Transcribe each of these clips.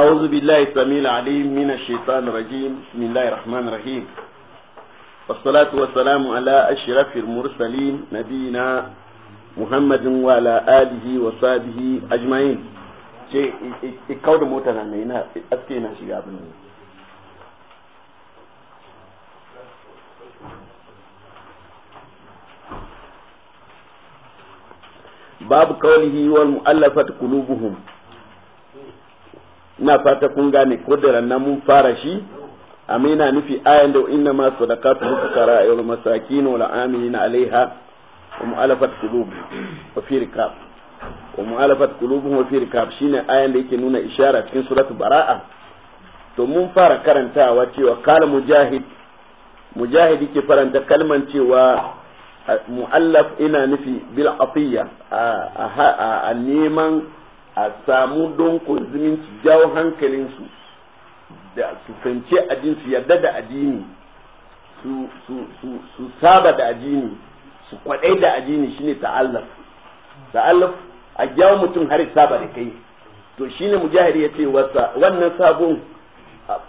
أعوذ بالله السميع العليم من الشيطان الرجيم بسم الله الرحمن الرحيم والصلاة والسلام على أشرف المرسلين نبينا محمد وعلى آله وصحبه أجمعين شيء إكاو دا موتا نانا أسكينا شيء قابل باب قوله والمؤلفة قلوبهم ina fata kun gane ko da ranar mun fara shi amma yana nufi ayan da inna ma sadaqatu fukara wal masakin wal amina alaiha wa mu'alafat qulub wa fi rikab wa mu'alafat qulubuhum wa fi rikab shine ayan da yake nuna ishara cikin suratul bara'a to mun fara karantawa cewa kala mujahid mujahid yake faranta kalman cewa mu'allaf ina nufi bil a neman a samu don zumunci jawo hankalinsu da su fahimci addini su yarda da addini su, su, su, saba da addini su kwadai da addini shine ta'allaf ta'allaf a jawo mutum har saba da kai to shine mujahidi ya ce wasa wannan sabon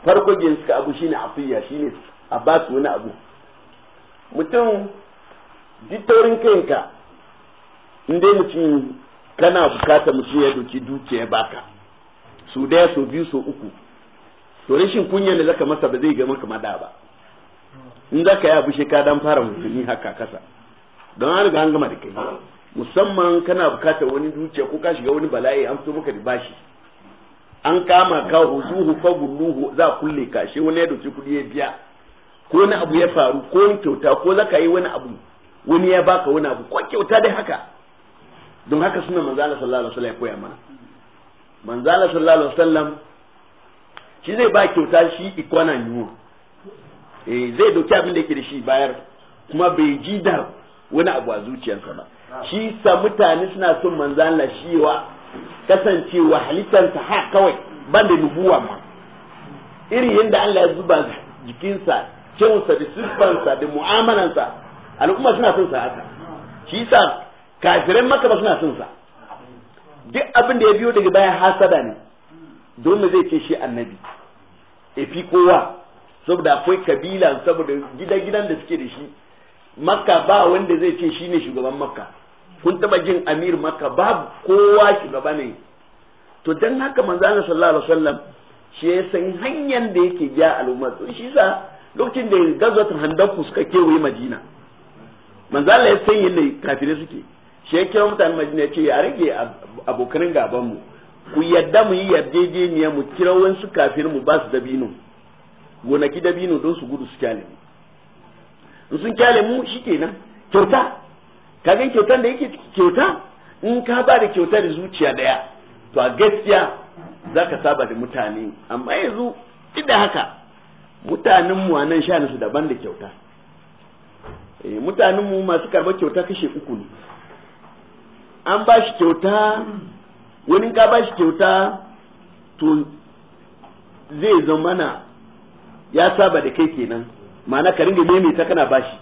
farko jin suka abu shine afiya shine a ba su wani abu mutum duk taurin kanka in dai mutum kana bukata mutum ya doki dukiya ya baka su daya su biyu su uku to rashin kunya da zaka masa ba zai ga maka mada ba in zaka yi abu ka dan fara mutuni haka kasa don an riga an gama da kai musamman kana bukatar wani dukiya ko ka shiga wani bala'i an fito maka da bashi an kama ka huzuhu fa bulluhu za kulle ka shi wani ya doki kudi ya biya ko wani abu ya faru ko kyauta ko zaka yi wani abu wani ya baka wani abu ko kyauta dai haka don haka suna manzala sallallahu alaihi wasallam ya koya mana manzala sallallahu alaihi wasallam shi zai ba kyauta shi ikwana yiwu eh zai doki abin da yake da shi bayar kuma bai ji da wani abu a zuciyarsa ba shi sa mutane suna son manzala shiwa kasancewa halittarsa ha kawai ban da nubuwa ma Iri yadda Allah ya zuba jikinsa sa, da siffansa da mu'amalansa al'umma suna son sa haka shi sa kafiran maka ba suna son sa duk abin da ya biyo daga baya hasada ne don zai ce shi annabi efi kowa saboda akwai kabila saboda gida-gidan da suke da shi makka ba wanda zai ce shi ne shugaban makka kun taba jin amir makka ba kowa shugaba ne to don haka manzo Allah sallallahu alaihi wasallam shi ya san hanyar da yake ja al'umma to shi sa lokacin da gazwatul handaku suka kewaye madina manzo Allah ya san yadda kafirai suke shi ya kira mutane madina ce ya rage abokanin gaban mu ku yadda mu yi yarjejeniya mu kira wasu kafin mu ba su dabino gonaki dabino don su gudu su kyale mu in sun kyale mu shikenan kyauta ka gan kyautan da yake kyauta in ka ba da kyauta da zuciya daya to a gaskiya za ka saba da mutane amma yanzu idan da haka mutanen mu sha nan su daban da kyauta eh, mutanen mu masu karɓar kyauta kashe uku ne an ba shi kyauta wani ka ba shi kyauta to zai zamana ya saba da kai kenan ma'ana ka ringa maimaita kana ba shi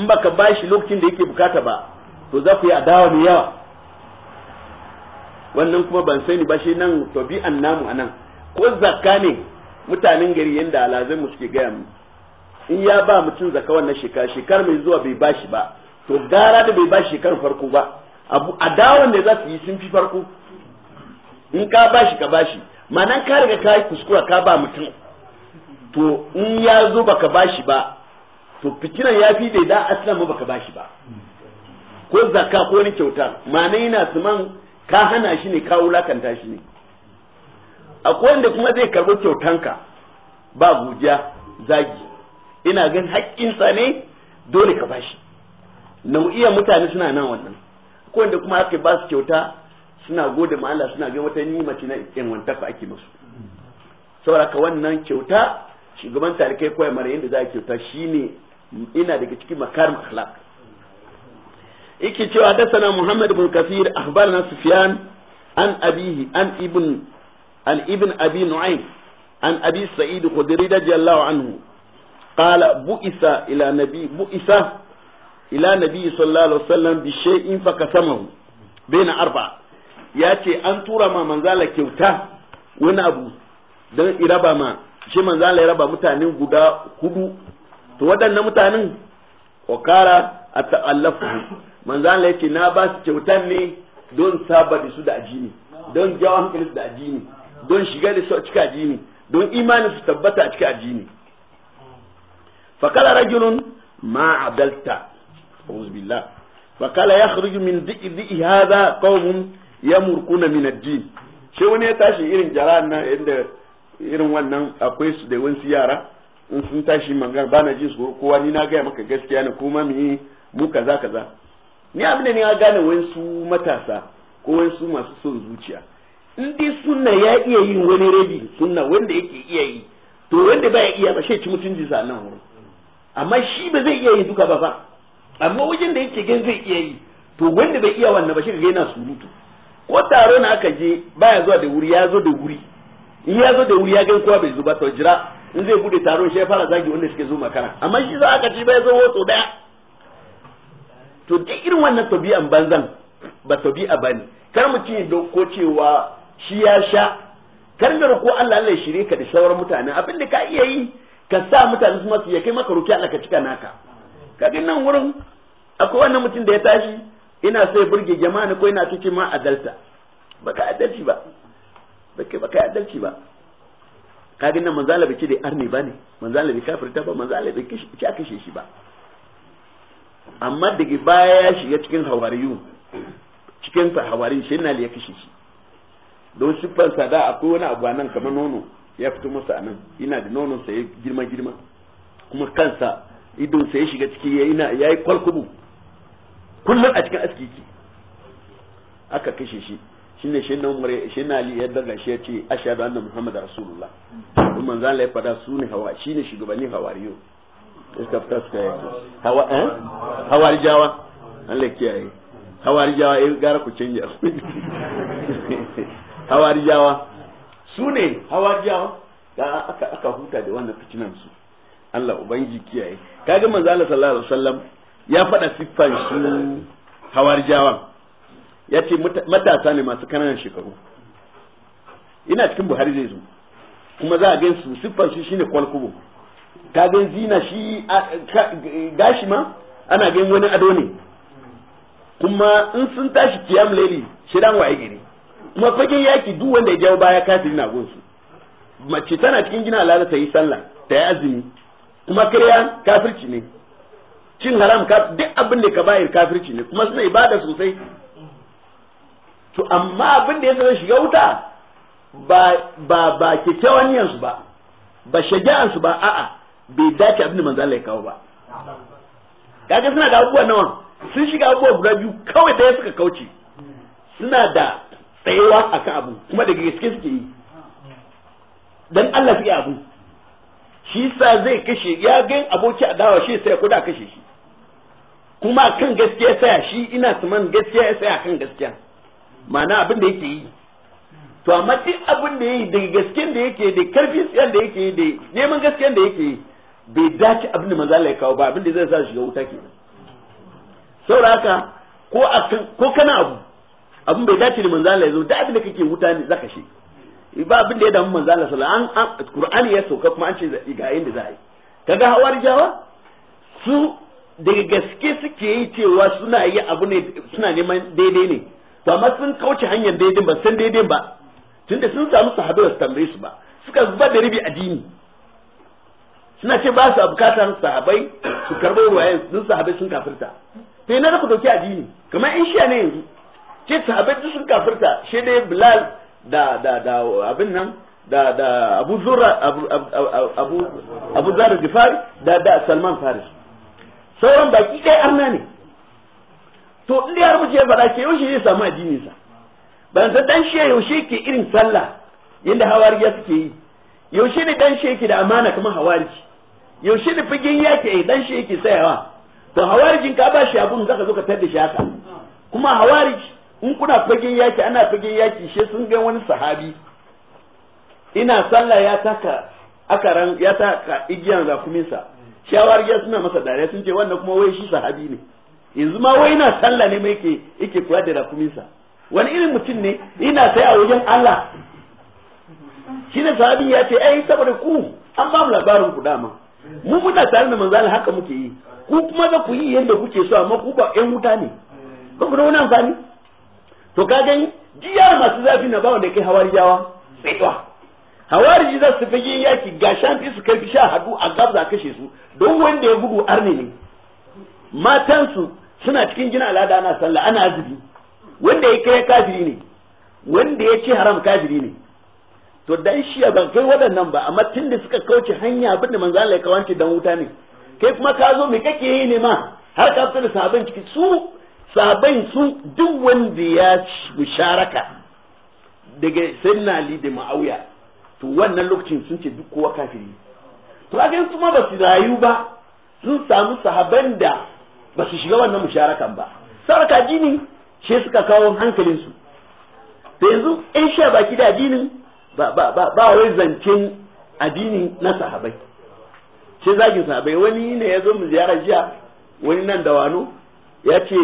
in baka ba shi lokacin da yake bukata ba to za ku yi adawa mai yawa wannan kuma ban sani ba shi nan tabi'an namu anan ko zakka ne mutanen gari yadda alazai mu suke gaya mu in ya ba mutum zakka wannan shekara shekar mai zuwa bai ba shi ba to gara da bai ba kan farko ba a dawon da za su yi sun fi farko in ka bashi ka bashi ma'anan ka riga ka yi kuskura ka ba mutum to in ya zo baka bashi ba to fitinan ya fi bai da aslan ma baka bashi ba ko zakka ko ni kyauta ma'ana yana suman ka hana shi ne ka wulakanta shi ne akwai wanda kuma zai karbi kyautanka ba godiya zagi ina gan haƙƙinsa ne dole ka bashi iya mutane suna nan wannan ko wanda kuma aka ba su kyauta suna gode ma Allah suna ga wata nima ce na yanwantaka ake musu saboda ka wannan kyauta shugaban talikai koya mara yadda za a kyauta shine ina daga cikin makarim akhlaq yake cewa sana Muhammad bin Kafir akhbarana Sufyan an abihi an ibn an ibn abi nu'aym an abi sa'id khudri radiyallahu anhu qala bu'isa ila nabi bu'isa ila nabi sallallahu alaihi wasallam bi shay'in fa kasamahu baina arba ya ce an tura ma manzala kyauta wani abu don iraba ma shi manzala ya raba mutanen guda hudu to waɗannan mutanen wakara a ta'allafu manzala ya ce na ba su kyautan ne don saba da su da ajini don jawo hankali su da ajini don shiga da su a cika ajini don imani su tabbata a cika ajini kala rajulun ma adalta أعوذ بالله فقال يخرج من ذئ ذئ هذا قوم يمرقون من الدين shi wani ya tashi irin jara na inda irin wannan akwai su da wasu yara in sun tashi magana ba na jin su kowa ni na gaya maka gaskiya ne kuma mu yi mu kaza kaza ni abin da ni na gane wasu matasa ko wasu masu son zuciya in dai sunna ya iya yin wani rabi sunna wanda yake iya yi to wanda ba ya iya ba shi ci mutunci sa nan wurin amma shi ba zai iya yi duka ba fa amma wajen da yake gan zai iya yi to wanda bai iya wannan ba shi ga yana surutu ko taro na aka je baya zuwa da wuri ya zo da wuri in ya zo da wuri ya gan kowa bai zo ba to jira in zai bude taron shi ya fara zagi wanda suke zo makara amma shi za aka ci bai zo wato daya to duk irin wannan tabi'an banzan ba tabi'a bane kar mu da ko cewa shi ya sha kar da ko Allah Allah ya shirye ka da shawarar mutane abin da ka iya yi ka sa mutane su masu ya kai maka ruki Allah ka cika naka kaga nan wurin akwai wannan mutum da ya tashi ina sai burge jama'a ne ko ina tuki ma adalta baka adalci ba baka baka adalci ba kaga nan manzala bai ce da arni ba ne manzala bai kafirta ba manzala bai ci aka shi ba amma daga baya ya shiga cikin hawariyu cikin hawari shi na ya kashe shi don siffar da akwai wani abu nan kamar nono ya fito masa anan ina da nonon sa ya girma girma kuma kansa idon sai shiga ciki yayi yi yayi kwalkubu kullum a cikin aski ki aka kashe shi shine shi na umar shi na ali ya daga shi ya ce ashhadu anna muhammad rasulullah kuma manzo Allah ya fada ne hawa ne shugabanni hawariyo suka fita suka yi hawa eh jawa? Allah kiyaye kiyaye jawa? eh gara ku canja jawa? su ne jawa? da aka aka huta da wannan fitinan su Allah ubangi kiyaye kaga manzo Allah sallallahu alaihi wasallam ya faɗa siffan su hawarjawan ya ce matasa ne masu kananan shekaru ina cikin buhari zai zo kuma za a gan su siffan su shine kwalkubo ka gan zina shi gashi ma ana gan wani ado ne kuma in sun tashi kiyam laili dan waye gari kuma fagen yaki duk wanda ya jawo baya kafin na gonsu mace tana cikin gina lalata yi sallah ta yi azumi kuma kariya kafirci ne cin haram duk abin da ka bayar kafirci ne kuma suna ibada sosai to amma abin da ya shiga wuta ba ba ba kyakkyawan yansu ba ba shaja'ansu ba a'a bai dace abin da manzo Allah ya kawo ba kaga suna da abubuwa nawa sun shiga abubuwa guda biyu kawai da suka kauce suna da tsayawa akan abu kuma daga gaske suke yi dan Allah fi abu shi sa zai kashe ya gan aboki adawa shi sai kuda kashe shi kuma kan gaskiya saya shi ina tsaman gaskiya ya saya kan gaskiya ma'ana abin da yake yi to amma duk abin da yake da gaskiyan da yake da karfi tsiyar da yake da neman gaskiyan da yake bai dace abin da manzala ya kawo ba abin da zai sa shi ga wuta ke saboda ko a ko kana abu abin bai dace da manzala ya zo da abin da kake wuta ne zaka shi ba abin da ya damu manzo Allah sallallahu alaihi wasallam Qur'ani ya sauka kuma an ce ga da za a yi kaga hawarijawa su daga gaske suke yi cewa suna yi abu ne suna neman daidai ne to amma sun kauce hanyar daidai ba san daidai ba tunda sun samu sahabbai su tambaye su ba suka zuba da ribi addini suna ce ba su bukatar sahabbai su karɓo ruwayen sun sahabbai sun kafirta to ina da ku dauki addini kamar in shi ne yanzu ce sahabbai sun kafirta shi dai bilal da da da abin nan da da Abu Zurra Abu Abu Abu Zar Gifari da da Salman Faris sauran baki kai arna ne to in da ya rubuce ya faɗa ke yaushe zai samu addinin sa ban san dan shi yaushe ke irin sallah yanda hawariya suke yi yaushe ne dan shi yake da amana kuma hawariji yaushe ne fagen yake dan shi yake tsayawa to hawarijin ka ba shi abun zaka zo ka tada shi haka kuma hawariji in kuna fagen yaki ana fagen yaki she sun ga wani sahabi ina sallah ya taka akaran ya taka igiyan rakuminsa shawar ya suna masa dare sun ce wannan kuma wai shi sahabi ne yanzu ma wai ina sallah ne mai ke yake kuwa da rakuminsa wani irin mutum ne ina sai a wajen Allah shi ne sahabi ya ce ai saboda ku an ba mu labarin ku dama mu muna tare da manzali haka muke yi ku kuma za ku yi yadda kuke so amma ku ba ƴan wuta ne ba ku da wani amfani to ka gani jiya masu zafi na bawa da kai hawarijawa tsaitwa ji za su yin yaki ga shanti su karfi sha hadu a gabza kashe su don wanda ya bugu arne ne matansu suna cikin gina al'ada ana sallah ana azubi wanda ya kai kafiri ne wanda ya ce haram kafiri ne to dan shi ban kai waɗannan ba amma tun da suka kauce hanya abin da manzo Allah ya kawance dan wuta ne kai kuma ka zo me kake yi ne ma har ka fita da sabon ciki su sabai su duk wanda ya musharaka daga sayyidina ali da ma'auya to wannan lokacin sun ce duk kowa kafiri to a kaga kuma ba su rayu ba sun samu sahaban da ba su shiga wannan musharakan ba sarka jini she suka kawo hankalin su to yanzu in sha baki da addinin ba ba ba ba wai zancen addini na sahabai ce zagin sahabai wani ne ya zo mu ziyara jiya wani nan da wano ya ce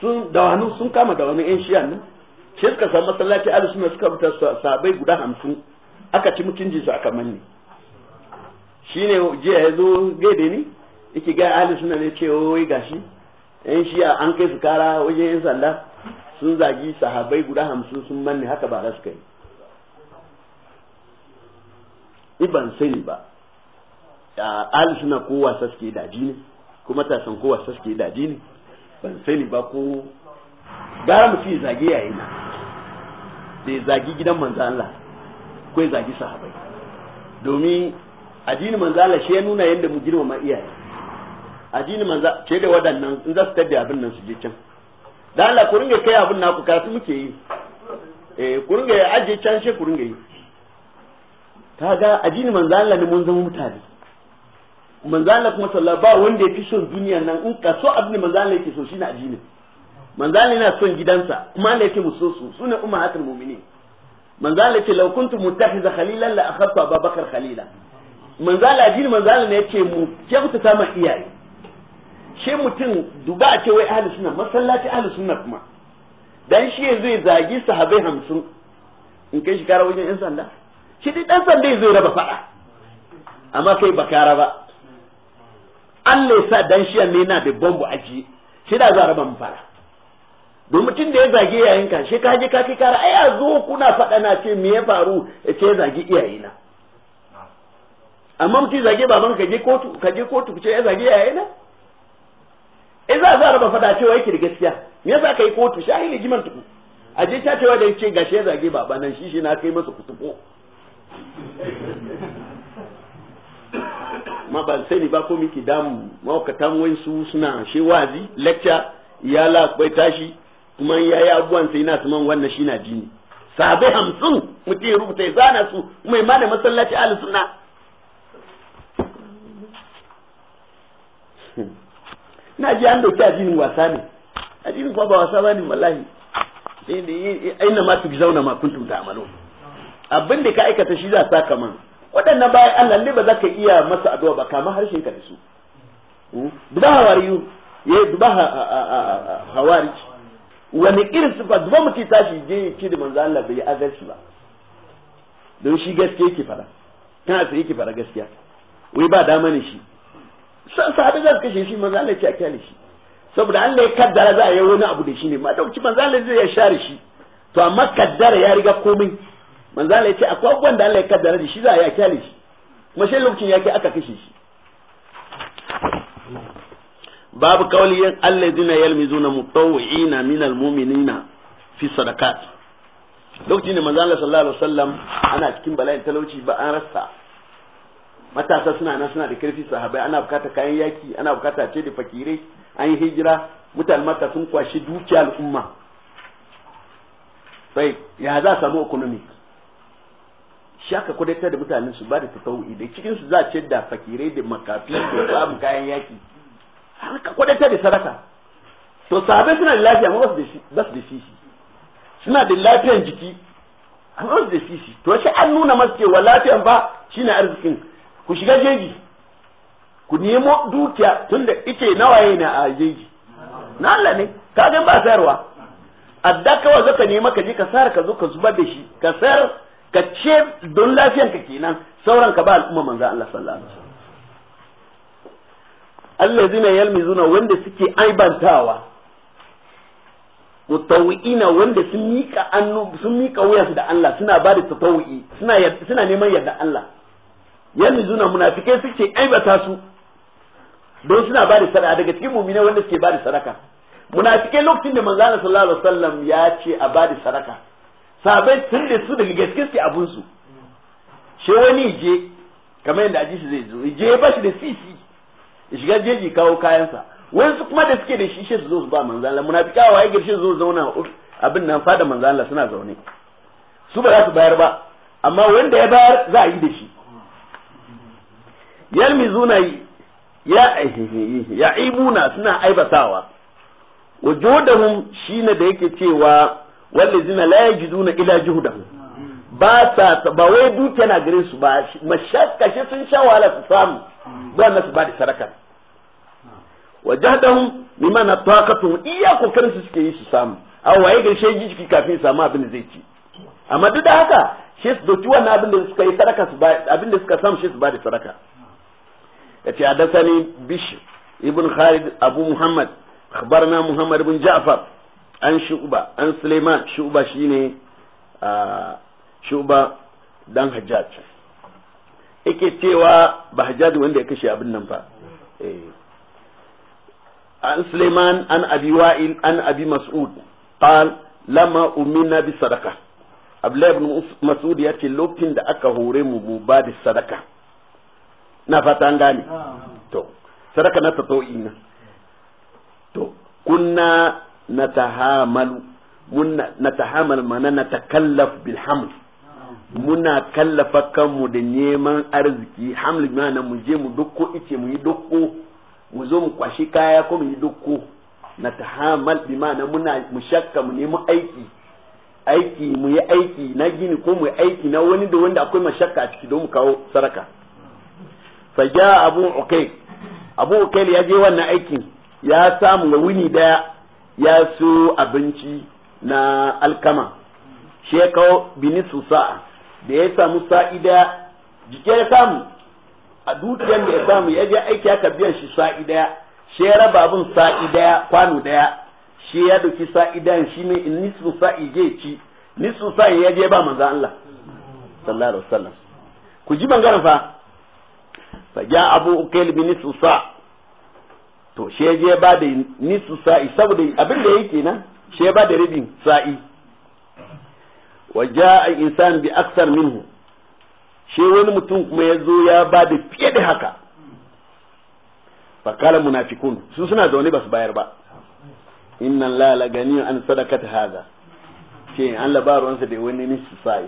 sun dawanu sun kama wani yan shiyan nan sai suka samu masallaci ala suna suka rubuta sabai guda hamsin aka ci mutum su aka manne shine jiya ya zo gaide ni yake ga ala suna ne ce ga gashi yan shiya an kai su kara wajen yan sanda sun zagi sahabai guda hamsin sun manne haka ba za su kai iban sani ba ahlus suna kowa suke daji ne kuma tasan kowa saske da ne ban sani ba ko gara mutum ya zage yayi na da ya zagi gidan manzo Allah ko ya zagi sahabai domin addinin manzo Allah shi ya nuna yadda mu girmama iyaye addinin manzo ce da wadannan in za su tabbi abin nan su je can da Allah ku ringa kai abin naku kasu muke yi eh ku ringa aje can she ku ringa yi kaga addinin manzo Allah ne mun zama mutane manzo kuma sallallahu ba wanda ya fi son duniya nan in ka so abin manzo ke yake so shi na manzo Allah yana son gidansa kuma Allah yake muso su ne ummahatul mu'minin manzo Allah yake law kuntu muttakhiza khalilan la akhadtu bakar khalila manzo Allah addini ne yake mu ke ku ta ma iyaye she mutum duba a ce wai ahli sunna masallaci ahli sunna kuma dan shi zai zagi sahabbai hamsin in kai shi kara wajen yan sanda shi dai dan sanda zai raba fada amma kai bakara ba Allah ya sa dan shi ne yana da bombu aji shi da za a raba mu fara don tun da ya zage yayin ka shi kaje ka kai kara ai a zo kuna faɗa na ce me ya faru ya ce ya zage iyayena amma mutum zage baban ka je kotu ka je kotu ku ce ya zage iyayena in e, za a za a raba faɗa cewa yake da gaskiya me yasa kai kotu shi ai jiman tuku a je ta cewa da ya ce gashi ya zage babanan shi shi na kai masa kutuko ma sai sani ba ko miki damu mahaukatan wansu suna shi wazi lecture iyala akwai tashi kuma ya yi abubuwan sai ina saman wannan shi na jini sabai hamsin mutum ya rubuta ya zana su mai ma da masallaci ahli sunna na ji an dauki ajinin wasa ne ajinin kuma ba wasa ba ne wallahi eh, eh, aina ma su zauna ma kuntum amalo. abin da ka aikata shi za ta kaman waɗannan bayan Allah ne ba za ka iya masa addu'a ba kama harshen ka da su hmm? duba hawariyu ya eh, duba hawari wani irin sifa duba mutum shi je ci da manzo Allah bai azarci ba don shi gaskiya yake fara kana sai yake fara gaskiya wai ba dama ne shi sahabi za su kashe shi manzo Allah ya kiyale a shi saboda Allah ya kaddara za a yi wani abu da shi ne ma dauki manzo Allah zai ya share shi to amma kaddara ya riga komai ya ce akwai abubuwan da Allah ya kaddara da shi za a ya kyale shi kuma shi lokacin ya kai aka kashe shi babu kawaliyan alladina yalmizuna mutawwi'ina min almu'minina fi sadaqat lokacin da manzo Allah sallallahu alaihi wasallam ana cikin bala'in talauci ba an rasa matasa suna nan suna da karfi sahabbai ana bukata kayan yaki ana bukata ce da fakirai an yi hijira mutane mata sun kwashi dukiya al'umma sai ya za a samu economic shi aka kudatar da mutanen su ba da tatawu'i da cikin su za a ce da fakirai da makafi da samu kayan yaki haka kudatar da sadaka to sahabbai suna da lafiya amma ba su da shi suna da lafiyan jiki amma ba su da shi to shi an nuna masu cewa lafiyan ba shine arzikin ku shiga jeji ku nemo dukiya tunda nawa nawaye na a jeji na Allah ne ka ba sayarwa adda kawai zaka nema ka je ka sayar ka zo ka zubar da shi ka sayar ka ce don lafiyanka kenan sauran ka ba al'umma manzo Allah sallallahu alaihi wasallam allazina yalmizuna wanda suke aibantawa mutawwi'ina wanda sun mika annu sun mika wuyansu da Allah suna ba da tatawwi suna suna neman yarda Allah yalmizuna munafikai suke aibata su don suna ba da sadaka daga cikin mu'mina wanda suke ba da sadaka munafikai lokacin da manzo Allah sallallahu alaihi wasallam ya ce a ba da sadaka sabai sun da su daga gaske suke abun su wani je kamar yadda aji shi zai zo je ba shi da sisi ya shiga jeji kawo kayansa wasu kuma da suke da shi ya su zo su ba manzan Allah munafika waye garshe su zo zauna abin nan fada manzan Allah suna zaune su ba za su bayar ba amma wanda ya bayar za a yi da shi yi ya ya ibuna suna aibatawa wajodahum shine da yake cewa zina la yajiduna ila juhdahum ba sa ba wai duk na gare su ba mashakka shi sun sha wala su samu ba na su ba da sadaka wajahdahum mimana taqatu iya kokarin su suke yi su samu a waye gaishe jiki kafin samu abin da zai ci amma duk da haka shi su doki wannan abin da suka yi sadaka su ba abin da suka samu shi su ba da sadaka yace adasani bish ibn khalid abu muhammad akhbarna muhammad ibn ja'far an shu'ba an suleiman shu'ba shine a shu'ba dan hajjaj yake cewa ba hajjaj wanda ya kashe abin nan ba eh. an suleiman an abi wa'il an abi mas'ud qal lama umina bi sadaka abdullahi ibn mas'ud ya ce lokacin da aka hore mu mu ba da sadaka na fata an gane to sadaka na tato'i na to kunna natahamalu muna natahamal mana natakallaf bil haml muna kallafa kanmu da neman arziki haml mana mu je mu dukko ice mu yi dukko mu zo mu kwashi kaya ko mu yi dokko natahamal bi mana muna mu shakka mu nemi aiki aiki mu yi aiki na gini ko mu yi aiki na wani da wanda akwai mashakka a ciki don mu kawo saraka ja abu ukail abu ukail ya je wannan aikin ya samu wuni daya ya so abinci na alkama shi ya kawo binisu sa'a da ya samu sa'ida jike ya samu a dukiyar da ya samu ya je aiki aka biyan shi sa'i shi ya raba abin sa'i kwano daya shi ya doki sa'i shi ne in nisu sa'i je ci nisu sa'i ya je ba manzan Allah sallallahu alaihi wasallam ku ji bangaren fa fa ja abu ukel bini nisfu to shi ya je ba da nisu sa'i saboda abin da yake nan shi ya ba da rabin sa'i wa ja'a insan bi aksar minhu shi wani mutum kuma ya zo ya ba da fiye da haka fakala munafikun su suna zaune ba su bayar ba inna la la gani an ta hada ce an labaruwansa da wani nisu sa'i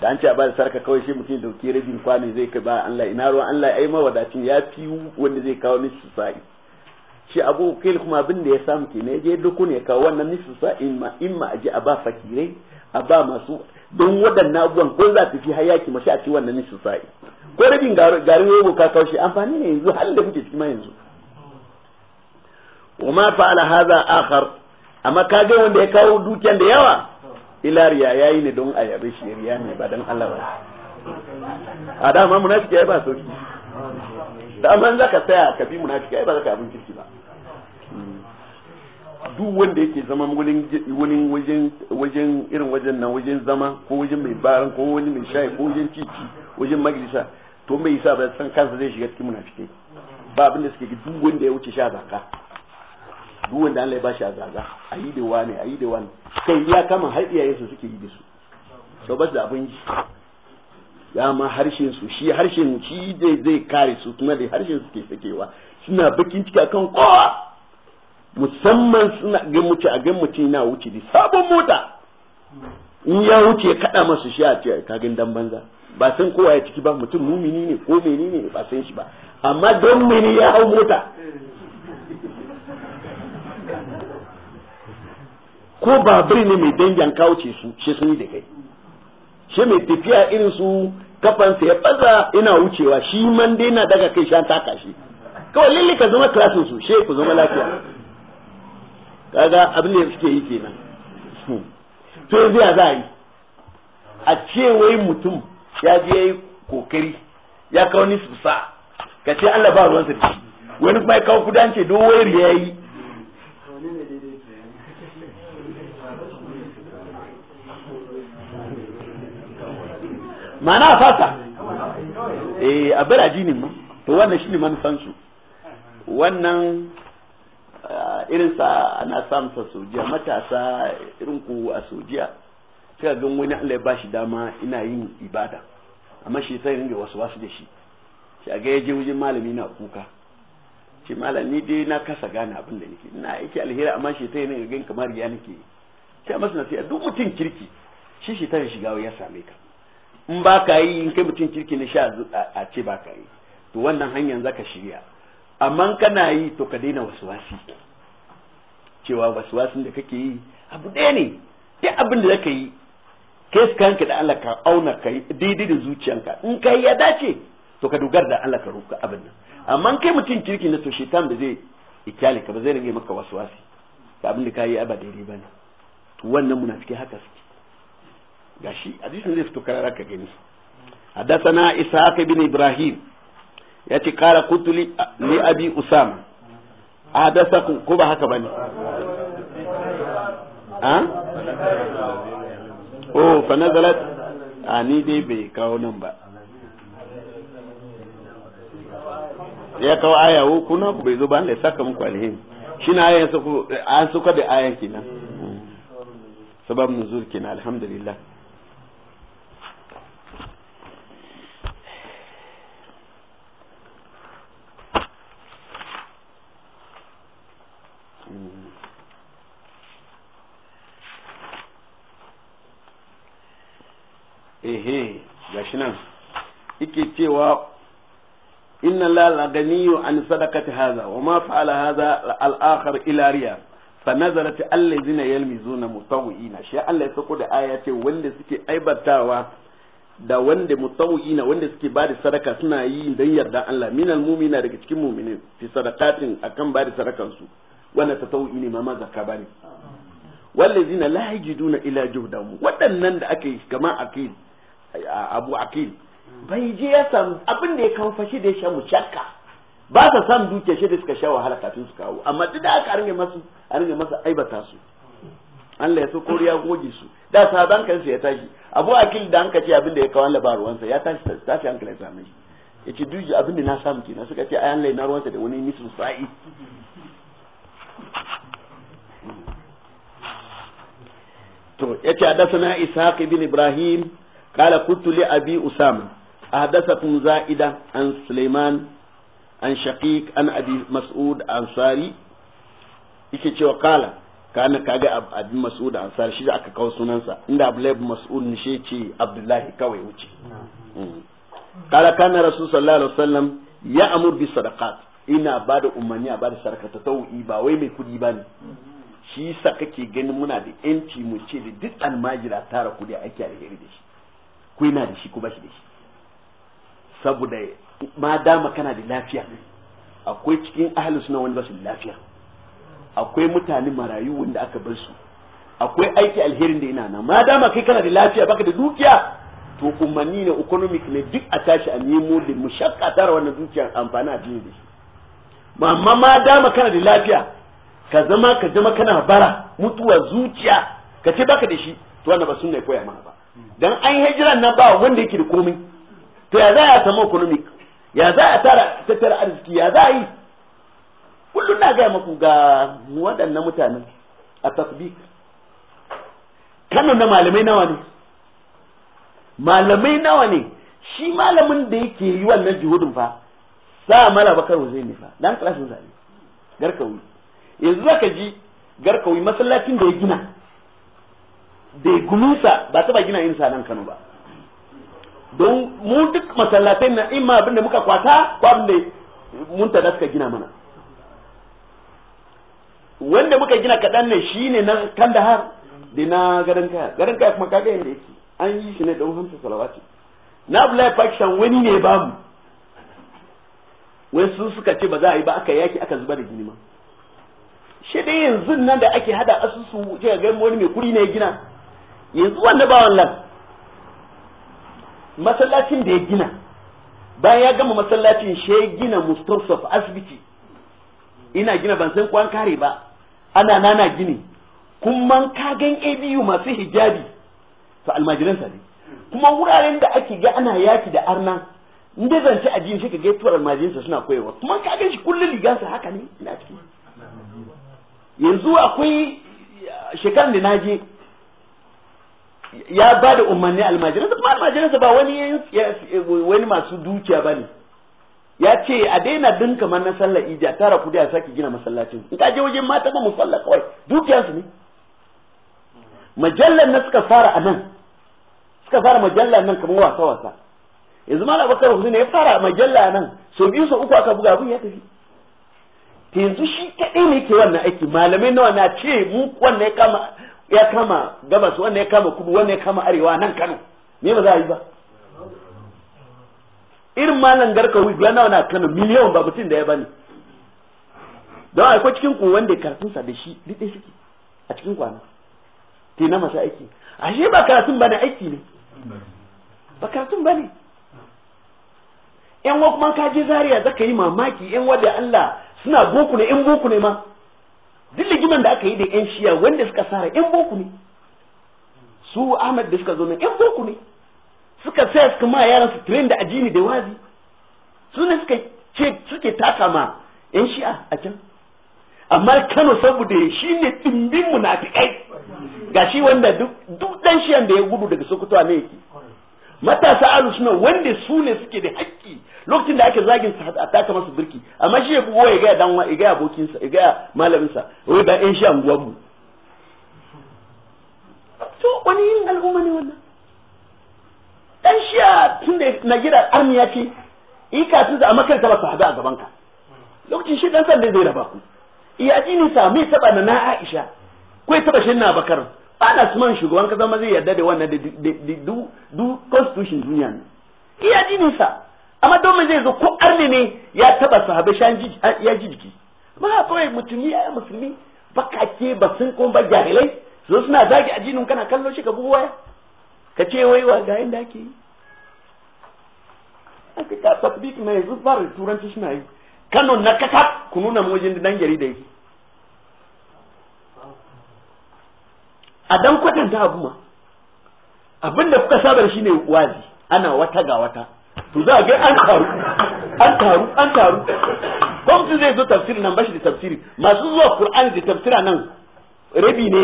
da an ce a da sarka kawai shi mutum dauki rabin kwanin zai kai ba Allah ina ruwan Allah ai mawadacin ya fi wanda zai kawo nisu sa'i shi abu kai kuma abin da ya samu ke ne je duku ne kawo wannan nisu sa in ma aji a ba fakirai a ba masu don waɗannan abubuwan ko za ta fi hayaki mashi a ci wannan nisu sa ko rabin garin rogo ka kawo shi amfani ne yanzu halin da muke ciki ma yanzu fa فعل هذا akhar amma ka ga wanda ya kawo dukiyar da yawa ila riya yayi ne don a yabe shi riya ne ba don Allah ba a dama munafiki ya ba sauki da an za ka tsaya ka bi munafiki ai ba za ka abin kirki ba hmm. duk wanda yake zama wani wajen wajen irin wajen nan wajen zama ko wajen mai barin ko wajen mai shayi ko wajen titi wajen majalisa to mai yasa ba san kansa zai shiga cikin munafiki ba abin da suke duk wanda ya wuce sha zaka duk wanda Allah ya bashi azaza a yi da wani a yi da wani kai ya kama har iyayensu suke yi da su to ba da abin yi dama harshen su shi harshen shi dai zai kare su kuma dai harshen su ke sakewa suna bakin ciki akan kowa musamman suna ga mutu a gan mutum na wuce da sabon mota in ya wuce ya kada masa shi a ce ka dan banza ba san kowa ya ciki ba mutum mumini ne ko menene ba san shi ba amma don mene ya hau mota ko babur ne mai dangin kawo ce su shi sun yi da kai shi mai tafiya irin su kafansa ya baza ina wucewa shi man dai na daga kai shan taka shi kawai lalle ka zama klasin su shi ku zama lafiya kaga abin da suke yi kenan to yanzu ya za a yi a ce wai mutum ya je yayi kokari ya kawo ni su ka ce Allah ba ruwan sarki wani kuma ya kawo kudanci don wayar yayi mana a fata eh a bar ajinin ma to wannan shine manufan su wannan eh, irin sa ana samun sojiya matasa irin ku a sojiya sai ga wani Allah ya bashi dama ina yin ibada amma shi sai ringe wasu wasu da shi shi a ga ya je wajen malami na kuka ce malam ni dai na kasa gane abin da nake ina yake alheri amma shi sai ringe gan kamar ya nake sai masa nasiha duk mutum kirki shi shi ta shiga ya same ka in ba ka yi in kai mutum kirki ne sha a ce ba ka yi to wannan hanyar za ka shirya amma kana yi to ka daina wasuwasi cewa wasuwasin da kake yi abu ɗaya ne duk abin da zaka yi kai kanka da Allah ka auna kai daidai da zuciyanka in kai ya dace to ka dogara da Allah ka roƙa abin nan amma kai mutum kirki ne to shaitan da zai ikyale ka ba zai rage maka wasuwasi ka abin da ka yi ba daidai bane to wannan munafiki haka su gashi hadisin zai fito karara ka gani qala إسحاق li abi usama قال ko ba haka bane ha هكا oh, fa nazalat ani dai bai kawo nan ba ya kawo aya wo oh, kuna bai zo ba ne saka muku alheri na ayan su an suka da ayan kenan hmm. sabab nuzul kenan alhamdulillah Mm. ehe gashi nan yake cewa inna la laganiyu an sadaqati haza wa ma fa'ala hadha al-akhar ila riya fa nazarat allazina yalmizuna mutawwi'ina shi Allah ya sako da aya ce wanda suke aibatawa da wanda mutawwi'ina wanda suke ba da sadaka suna yi dan yarda Allah minal mu'mina daga cikin mu'minin fi sadaqatin akan ba da su wannan tatawu'i ne ma zakka bane wallazina la yajiduna ila juhdahum waɗannan da ake kama akil abu akil bai je ya san abin da ya kan fashi da ya sha mushakka ba sa san dukiya shi da suka sha wahala kafin su kawo amma duk da aka arge masu arge masa aibata su Allah ya so koriya ya goge su da sahaban kansa ya tashi abu akil da hanka ce abin da ya kawo Allah ba ya tashi tashi hankali ya same shi yace duk abin da na samu kenan suka ce ayan lai na ruwansa da wani misal to yace hadathana ishaq ibn ibrahim qala qultu li abi usama ahdathakum zaida an sulaiman an shaqiq an abi mas'ud ansari yake cewa kala kana kaga abin mas'ud ansar shi da aka kawo sunansa inda abulayb mas'ud ne shi ce abdullahi kawai wuce kala mm. kana rasul sallallahu alaihi wasallam ya amur bi sadaqat ina ba da umarni a ba da sarka ta tau'i ba wai mai kudi ba ne shi sa kake ganin muna da yanci mu ce da duk almajira tara kudi ake alheri da shi ko yana da shi ko ba shi da shi saboda ma dama kana da lafiya akwai cikin ahli suna wani ba su lafiya akwai mutane marayu wanda aka bar su akwai aiki alherin da ina na ma dama kai kana da lafiya baka da dukiya to umarni na economic ne duk a tashi a nemo da mushakka tara wannan dukiyar amfani a jini da shi amma ma dama kana da lafiya ka zama ka zama kana bara mutuwa zuciya ka ce baka da shi to wannan ba sunna koya mana ba dan an hijiran nan ba wanda yake da komai to ya za a samu economic ya za a tara tattara arziki ya za a yi kullum na gaya maku ga waɗannan mutanen a tasbik kanon na malamai nawa ne malamai nawa ne shi malamin da yake yi wannan jihudin fa sa mala bakar zai ne fa dan kalashin zai garkawi yanzu zaka ji garkawi masallacin da ya gina bai guminsa ba ta ba gina yin sa nan Kano ba don mu duk masallatai na imma abinda muka kwata ko abinda mun da suka gina mana wanda muka gina kaɗan ne shine na Kandahar da na garin kaya garin kaya kuma kaga yanda yake an yi shi ne don hamsa salawati na abu Pakistan wani ne bamu wai su suka ce ba za a yi ba aka yaki aka zuba da jini ma shi dai yanzu nan da ake hada asusu ce ga wani mai kuri ne gina yanzu wanda ba wannan masallacin da ya gina bayan ya gama masallacin shi ya gina mustafa asibiti ina gina ban san kwan kare ba ana nana gini kuma gan abu masu hijabi to almajiransa ne kuma wuraren da ake ga ana yaki da arna in dai zance addini shi ka ga tuwar almajinsa suna koyewa kuma ka gan shi kullum ligansa haka ne ina ciki yanzu akwai uh, shekarar da na je ya ba da umarni almajiransa kuma almajiransa ba wani wani masu dukiya ba ne ya ce a daina din kamar na sallar ija tara kudi a sake gina masallacin in ka je wajen mata ba musalla kawai dukiyarsu ne majallar na suka fara a nan suka fara majallar nan kamar wasa-wasa yanzu malam bakar hudu ne ya fara majalla nan so biyu sau uku aka buga abin ya tafi yanzu shi kaɗai ne ke wannan aiki malamai nawa na ce mu wannan ya kama ya kama gabas wannan ya kama kudu wannan ya kama arewa nan kano me ba za a yi ba irin malam garka wuya nawa na kano miliyan ba mutum da ya bani don akwai cikin ku wanda karatunsa da shi duk ɗaya suke a cikin kwana te na masa aiki ashe ba karatun ba na aiki ne ba karatun ba ne yan wa kuma ka je za ka yi mamaki yan wanda Allah suna boku ne yan boku ne ma duk ligiman da aka yi da yan shiya wanda suka sara yan boku ne su Ahmad da suka zo na yan boku ne suka saya suka ma yaran su train da ajini da wazi su ne suka ce suke taka ma yan shi'a a can amma Kano saboda shi ne dimbin munafikai gashi wanda duk dan shiyan da ya gudu daga Sokoto ne yake matasa alu suna wanda su ne suke da hakki. lokacin da ake zagin sa a taka masa birki amma shi ya bugo ya gaya dan ya gaya abokin sa ya gaya malamin sa wai da in sha anguwan mu to wani irin al'umma ne wannan dan shiya tun da na gida armiya ce yi kafin sa a makaranta ba su a gaban ka lokacin shi dan sanda zai raba ku iyaji ne sa mai taba na na Aisha ko ya taba shi na Bakar ana suman shugaban kasa zama zai yarda da wannan da du constitution duniya ne iyaji ne sa amma domin zai zo ko arne ne ya taba sahabai shan ya ji jiki ma kawai mutumi ya musulmi bakake ba sun kuma ba jahilai zo suna zagi jinin kana kallo shi ka bugu waya ka ce wai wa ga yanda ake yi aka ka tasbik mai yanzu ba da turanci suna yi kano na kaka ku nuna mojin dan gari da yi a dan kwatanta abu ma abinda kuka saba shi ne wazi ana wata ga wata to za a ga an taru an taru an taru kwamfin zai zo tafsiri nan bashi da tafsiri masu zuwa qur'ani da tafsira nan rabi ne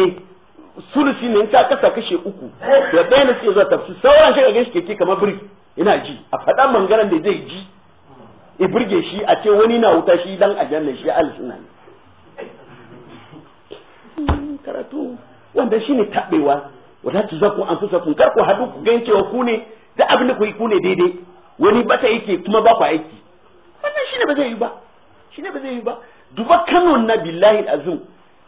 sulusi ne ta kasa kashe uku da ɗaya ne suke zuwa tafsiri sauran shi ga shi keke kamar birki ina ji a faɗa mangaran da zai ji i burge shi a ce wani na wuta shi dan aljanna shi aljanna ne karatu wanda shine tabewa wadatu zaku an fusa kun kar ku hadu ku gan cewa ku ne da abin da ku yi ku ne daidai wani ba ta yake kuma ba ku aiki wannan shine ba zai yi ba shine ba zai yi ba duba Kano na billahi azum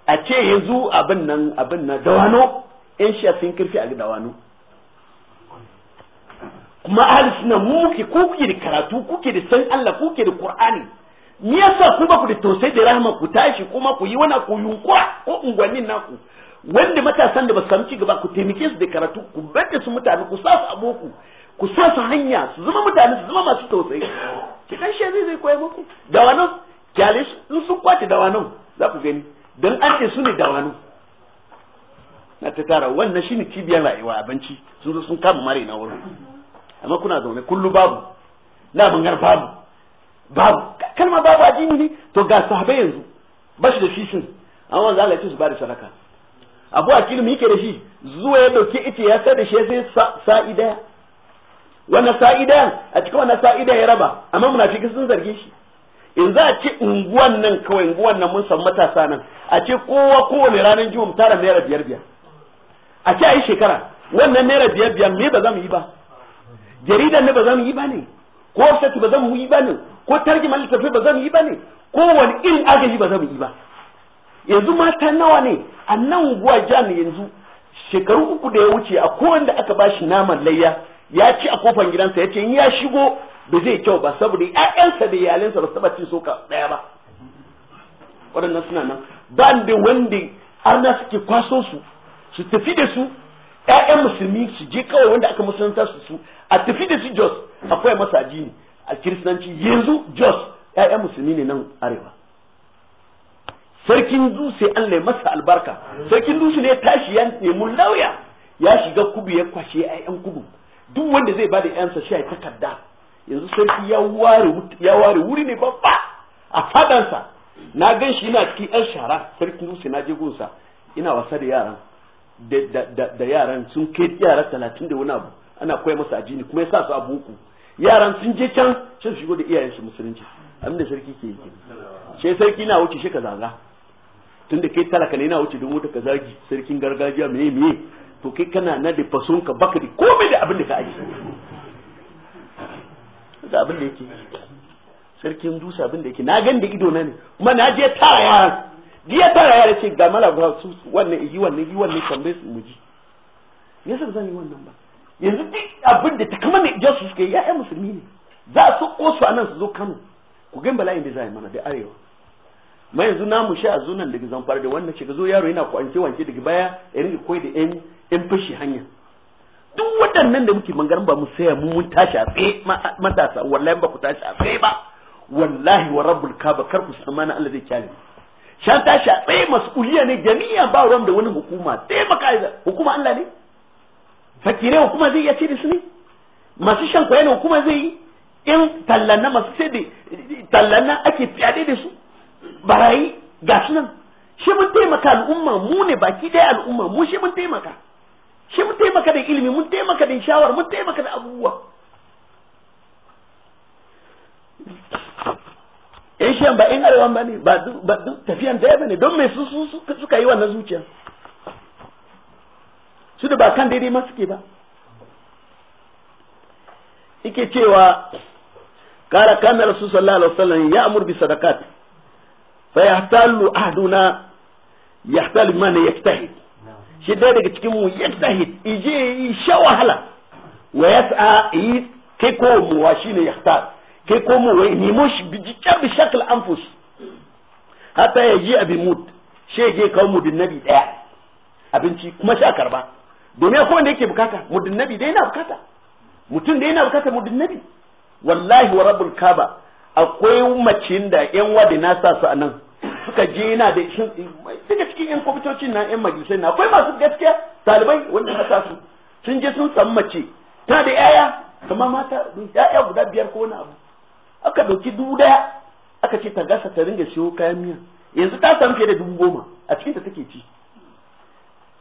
a ce yanzu abin nan abin na dawano yan shiya sun kirfi a dawano kuma ahli sunna muke ko kuke da karatu kuke da san Allah kuke da Qur'ani me yasa ku ba ku da tausayi da rahama ku tashi kuma ku yi wani ku yunkura ko unguwannin naku wanda matasan da ba su samu gaba ku taimake su da karatu ku bada su mutane ku sa su aboku ku sa su hanya su zama mutane su zama masu tausayi ki kan she zai zai koya muku dawanan kyale in sun kwace dawanan za ku gani dan an ce su ne dawanan na ta tara wannan shine cibiyar rayuwa abinci sun zo sun kama mare na wurin amma kuna zaune kullu babu na bangar babu babu kalma babu addini ne to ga sahabai yanzu ba shi da fishin amma wanzu Allah ya ce su bada sadaka abu akilu mu yake da shi zuwa ya dauke ita ya sai da shi sai sa'i daya wannan sa'idan a cikin wannan sa'idan ya raba amma muna shi sun zarge shi in za a ce unguwan nan kawai unguwan nan mun san matasa nan a ce kowa kowane ranar mu tara naira biyar biyar a ce a yi shekara wannan naira biyar biyar me ba za mu yi ba jaridan ne ba za mu yi ba ne ko website ba za mu yi ba ne ko tarjima littafi ba za mu yi ba ne ko wani irin agaji ba za mu yi ba yanzu mata nawa ne a nan unguwa jan yanzu shekaru uku da ya wuce a da aka ba shi naman layya ya ci a kofan gidansa ya ce ya shigo da zai kyau ba saboda ƴaƴansa da iyalinsa ba su taba ci soka ɗaya ba waɗannan suna nan ba da wanda arna suke kwaso su su tafi da su ƴaƴan musulmi su je kawai wanda aka musulunta su su a tafi da su jos akwai masaji ne a kiristanci yanzu jos ƴaƴan musulmi ne nan arewa sarkin dutse an ya masa albarka sarkin dutse ne tashi ya nemi lauya ya shiga kubu ya kwashe ƴaƴan kudu. duk wanda zai bada yansa shi ya takarda yanzu sarki ya ware ya ware wuri ne babba a fadansa na gan shi yana cikin yan shara sarki nusi na je gunsa ina wasa da yaran da yaran sun kai yara talatin da wani abu ana koya masa ajini kuma yasa su abu uku yaran sun je can sun shigo da iyayensu musulunci abinda sarki ke yi sai sarki na wuce shi ka tunda kai talaka ne na wuce don wuta ka zagi sarkin gargajiya meye meye to kai kana na da fason ka baka da komai da abin da ka aji da abin da yake sarkin dusa abin da yake na gan da ido na ne kuma na je tara ji ya tara yara ce ga mala ba su wannan yi wannan yi wannan tambaye su muji me yasa zan yi wannan ba yanzu duk abin da ne da su suke ya'ya musulmi ne za su kosu a nan su zo Kano ku gan bala'in da zai mana da arewa mai yanzu namu sha zunan daga zamfara da wannan shiga zo yaro yana kwance wance daga baya ya rinka koyi da yan in fashi hanya duk waɗannan da muke mangaran ba mu saya mu mun tashi a tsaye matasa wallahi ba ku tashi a tsaye ba wallahi wa rabbul kaba kar ku san mana Allah zai kyale shan tashi a tsaye mas'uliya ne jami'a ba ram da wani hukuma taimaka da hukuma Allah ne fakire hukuma zai iya ce da su ne masu shan kwaya ne hukuma zai yi in tallanna masu sai da tallanna ake fiyade da su barayi ga nan shi mun taimaka al'umma mu ne baki ɗaya al'umma mu shi mun taimaka shi mun taimaka da ilimi mun taimaka da shawar mun taimaka da abubuwa in shi ba in arewa ba ne ba duk tafiyan daya ba ne don mai su suka yi wannan zuciya su da ba kan daidai ma suke ba ike cewa kara kana rasu sallallahu alaihi wasallam ya amur bi sadakat fa yahtalu ahduna yahtalu man yaktahid shi dai daga cikin mu yastahid ije yi sha wahala wa ya sa yi kai ko mu wa shi ya yahtar kai ko mu wai nemo shi bijikan bi shakal anfus hatta yaji abi mud ya je kawo mu nabi daya abinci kuma sha karba domin akwai kowanne yake bukata mu nabi dai yana bukata mutum dai yana bukata mu nabi wallahi wa rabbul kaba akwai macin da yan wadi na sa su a nan suka je yana da suka cikin yan kwamitocin nan yan majalisai na akwai masu gaskiya talibai wanda na su sun je sun samu mace ta da yaya kamar mata yaya guda biyar ko wani abu aka dauki dubu daya aka ce ta gasa ta ringa siyo kayan miya yanzu ta samu fiye da dubu goma a cikin ta take ci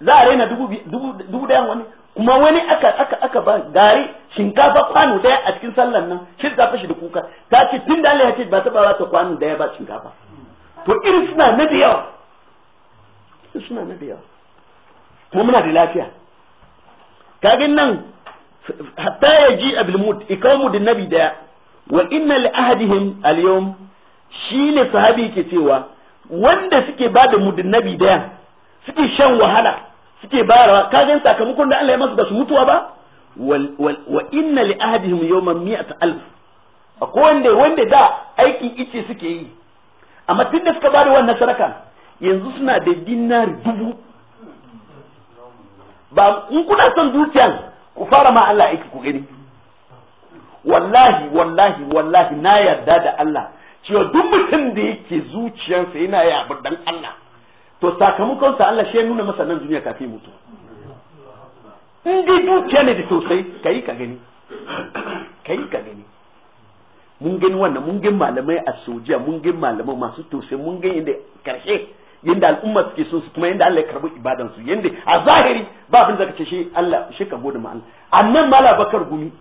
za a raina dubu daya wani kuma wani aka aka aka ba gari shinkafa kwano daya a cikin sallan nan shi ta fashi da kuka ta ce tun da Allah ya ce ba ta ba ta kwano daya ba shinkafa to irin suna na da yawa suna na da yawa kuma muna da lafiya kagin nan hatta ya ji abilmut ikamu da nabi daya wa inna li ahadihim al shine sahabi ke cewa wanda suke ba da nabi daya suke shan wahala suke bayarwa kagin sakamakon da Allah ya masu da su mutuwa ba wa inna li ahadihim yawman mi'ata alf akwai wanda wanda da aikin ice suke yi amma tun da suka bada wannan sadaka yanzu suna da dinar dubu ba in kuna son dukiyan ku fara ma Allah aiki ku gani wallahi wallahi wallahi na yarda da Allah cewa duk mutum da yake zuciyarsa yana ya abu dan Allah to sakamakon sa Allah shi nuna masa nan duniya kafin mutu in dai zuciya ne da sosai kai ka gani kai ka gani mun gani wannan mun gani malamai a sojiya mun gani malamai masu tose mun gani inda karshe yadda al'umma suke so su kuma yadda Allah ya karbi ibadan su yadda a zahiri ba abin da ce shi Allah shi ka gode ma Allah annan mala bakar gumi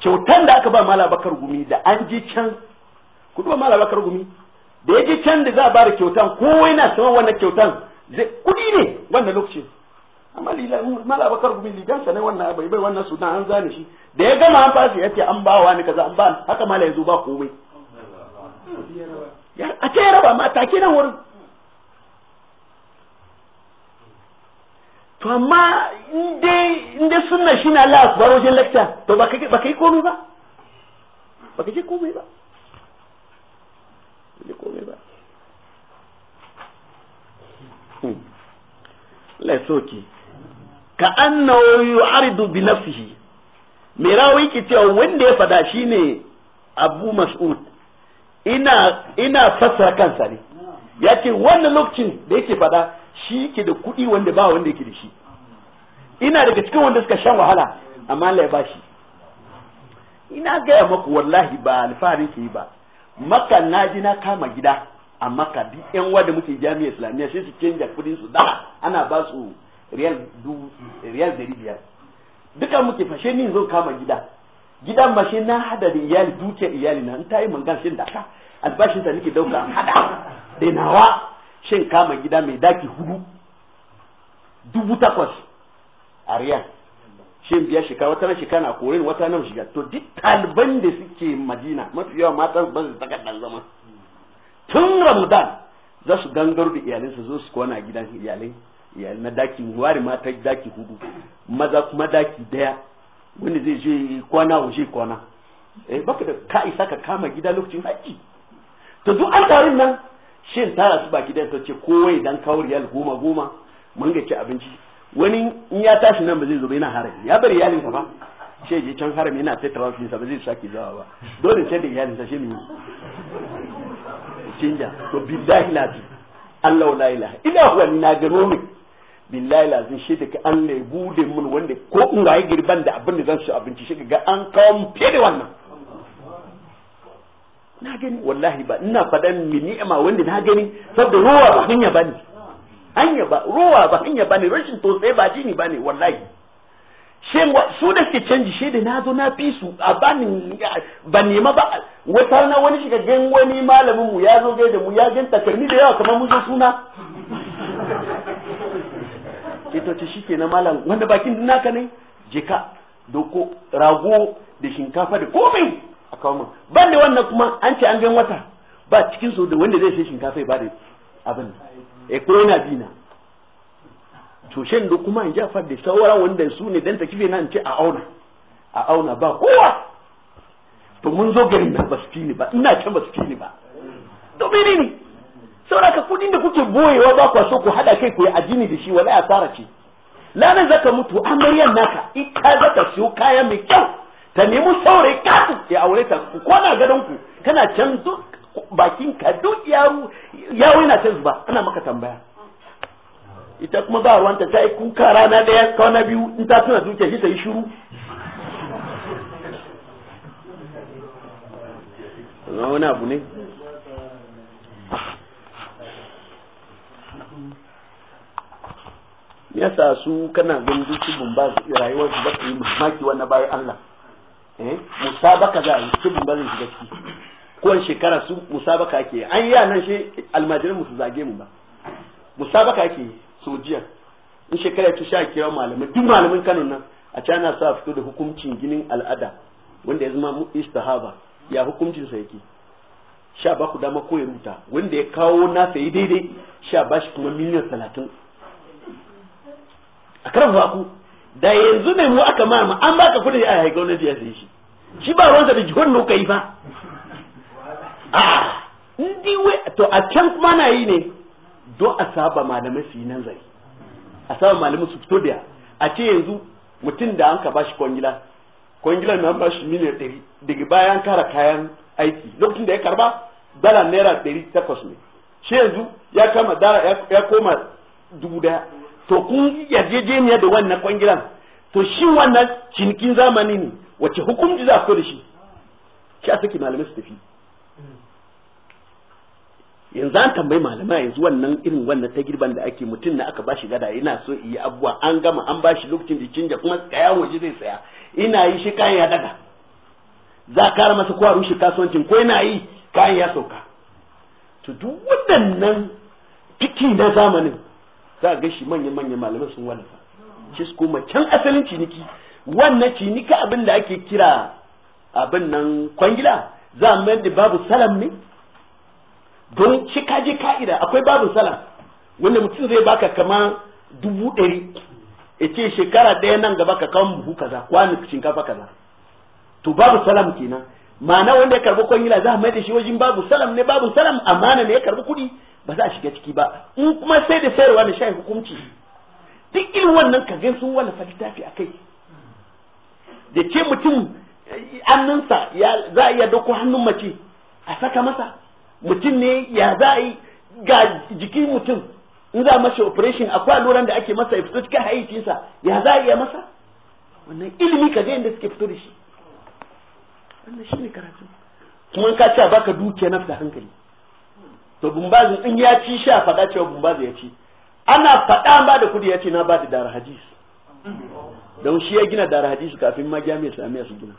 kyautan da aka ba mala bakar gumi da an ji can ku duba mala bakar gumi da ya ji can da za a ba da kyautan ko yana saman wannan kyautan zai kudi ne wannan lokacin amma mala bakar gumi ligansa ne wannan bai bai wannan sudan an zane shi da ya gama an fasi yace an ba wani kaza an ba haka mala yanzu ba komai ya a ce raba ma ta nan wurin to amma in dai sunna shi na Allah ba wajen lecture to ba kai ba kai komai ba ba kai komai ba ba komai ba hmm. Allah ya soke ka annahu yu'aridu bi nafsihi mai rawi ke cewa wanda ya fada shine Abu Mas'ud ina ina fassara kansa ne yace wannan lokacin da yake fada shi ke da kuɗi wanda ba wanda yake da shi ina daga cikin wanda suka shan wahala amma Allah ya bashi ina gaya maku wallahi ba alfahari ke yi ba maka na ji na kama gida a maka duk yan wanda muke jami'a islamiyya sai su canja kudin su da ana ba su riyal dari biyar duka muke fashe ni zo kama gida gidan ma na hada da iyali duke iyali na in ta yi mangan shin da ka albashin ta nake dauka hada da nawa shin kama gida mai daki hudu dubu takwas a riyal shin biya shekara wata na shekara na korin wata na shiga to duk taliban da suke madina mafi yawa matan ba su takardar zama tun ramadan za su gangaro da iyalinsu zo su kwana gidan iyalai ya na daki wari mata daki hudu maza kuma daki daya wanda zai je kwana je kwana eh baka da ka isa ka kama gida lokacin haji to duk an tarin nan shin tara su ba gidan to ce kowai idan kawo riyal goma goma mun ga ci abinci wani in ya tashi nan ba zai zo ba yana harami ya bari iyalin ka ba she je can harami yana sai tarafin sa ba zai saki zawa ba dole sai da iyalin sa shi mu canja to billahi la Allah la ilaha huwa na gano billahi lazim shi da an ne bude mun wanda ko in ga girban da abin da zan su abinci shi ga an kawo fiye da wannan na gani wallahi ba ina fadan mi ni'ima wanda na gani saboda ruwa ba hanya bane hanya ba ruwa ba hanya bane rashin tosai ba jini bane wallahi shin su da suke canji shi da nazo na fi su a bani ba nema ba wata na wani shiga gan wani malamin mu ya zo da mu ya ganta karmi da yawa kamar mun zo suna sai ta ce na malam wanda bakin naka ne jika da doko rago da shinkafa da komai a kawo min ban da wannan kuma an ce an gan wata ba cikin su da wanda zai sai shinkafa ba da abin e eh, corona dina to shin da kuma in jafar da sauran wanda su ne dan ta kife an ce a auna a auna ba kowa to mun zo garin nan ba su ba ina can ba su ba to menene saboda kudin da kuke boyewa ba kwa ku hada kai ku yi addini da shi wala asara ce za zaka mutu amaryan naka ita zaka siyo kaya mai kyau ta nemi saurayi kasu ya aure ta ku kwana gadon ku kana can bakin ka duk yaro yawo yana can zuba ana maka tambaya ita kuma ba ruwanta ta yi kuka rana daya kwana biyu in ta tuna zuciya shi ta yi shiru ya sa su kana ganin dukkan su rayuwar su ba su yi mamaki wannan bayan Allah eh musabaka za a ba su bumba zai shiga ciki kowane shekara su musabaka ake an yi nan shi almajirin musu zage mu ba musabaka ake so jiya in shekara ta sha a kira malamai duk malamin Kano nan a cana sa fito da hukuncin ginin al'ada wanda ya zama mu istihaba ya hukuncin sa yake sha ba ku dama ko ya wanda ya kawo na yi daidai sha ba shi kuma miliyan talatin a karfafa ku da yanzu ne mu aka ma mama an baka kudi a haika gwamnati ya sai shi shi ba ruwansa da jihon nuka yi fa a ndi we to a can kuma na yi ne don a saba malamai su yi nan zai a saba malamai su fito da a ce yanzu mutum da an ka bashi kwangila kwangila na shi miliyan ɗari daga bayan kara kayan aiki lokacin da ya karba dala naira ɗari takwas ne shi yanzu ya kama dara, ya koma dubu daya to kun yarjejeniya da wannan kwangilan to shi wannan cinikin zamani ne wace hukunci za ku da shi shi a saki malamai su tafi yanzu an tambayi malama yanzu wannan irin wannan ta girban da ake mutum na aka bashi gada yana so yi abuwa an gama an bashi lokacin da canja kuma tsaya waje zai tsaya ina yi shi kayan ya daga za a kara masa kowa a rushe kasuwancin ko yana yi kayan ya sauka to duk waɗannan fiki na zamanin za ga shi manyan manyan malamai sun wallafa shi su kuma can asalin ciniki wannan cinika abin da ake kira abin nan kwangila za a mayar da babu salam ne don shi kaje ka'ida akwai babu salam wanda mutum zai baka kama dubu ɗari ya ce shekara ɗaya nan gaba ka kawo buhu kaza kwanu shinkafa kaza to babu salam kenan ma'ana wanda ya karbi kwangila za a mai da shi wajen babu salam ne babu salam amana ne ya karbi kuɗi ba za a shiga ciki ba in kuma sai da sayarwa da shayi hukunci duk irin wannan ka sun wala fa tafi a kai da ce mutum eh, annansa ya za a iya dauko hannun mace a saka masa mutum ne ya za a yi ga jikin mutum in za a mashi operation akwai alluran da ake masa ya fito cikin hayyacinsa ya za a iya masa wannan ilimi ka ga yadda suke fito da shi wannan shi ne karatu kuma in ka ce baka dukiya na fita hankali to bumbazin in ya ci sha faɗa cewa bumbazin ya ci ana faɗa ba da kudi ya ce na ba da dara hadis don shi ya gina dara hadis kafin ma jami'a islamiyya su gina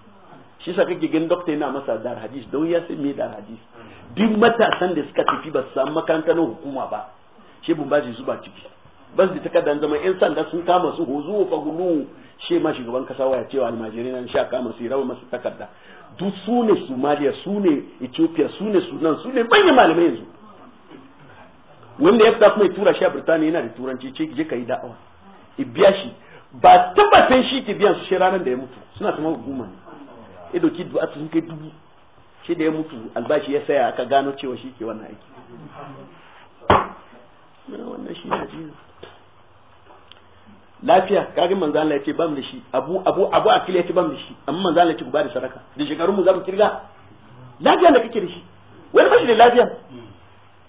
shi sa kake ganin dokta yana masa dara hadis don ya san me dara hadis duk matasan da suka tafi ba su samu makarantar hukuma ba shi bumbazi zuba ciki ba su da takardar zama yan sanda sun kama su hozu zuwa fagulu she ma shugaban kasa waya cewa almajirai nan sha kama su rawa masu takarda duk su ne Somalia su Ethiopia su ne Sudan su ne manyan malamai yanzu wanda ya fita kuma ya tura shi a Birtaniya yana da turanci ce je ka yi da'awa i biya shi ba tabbatan shi ke biyan su shi ranar da ya mutu suna kuma hukuma ne ya dauki du'a sun kai dubu shi da ya mutu albashi ya saya aka gano cewa shi ke wannan aiki wannan shi na jiya lafiya kagin manzo Allah ya ce bam da shi abu abu abu akili ya ce bam da shi amma manzo Allah ya ce ku ba da sadaka da shekarun mu za mu kirga lafiya da kake da shi wani mashi da lafiya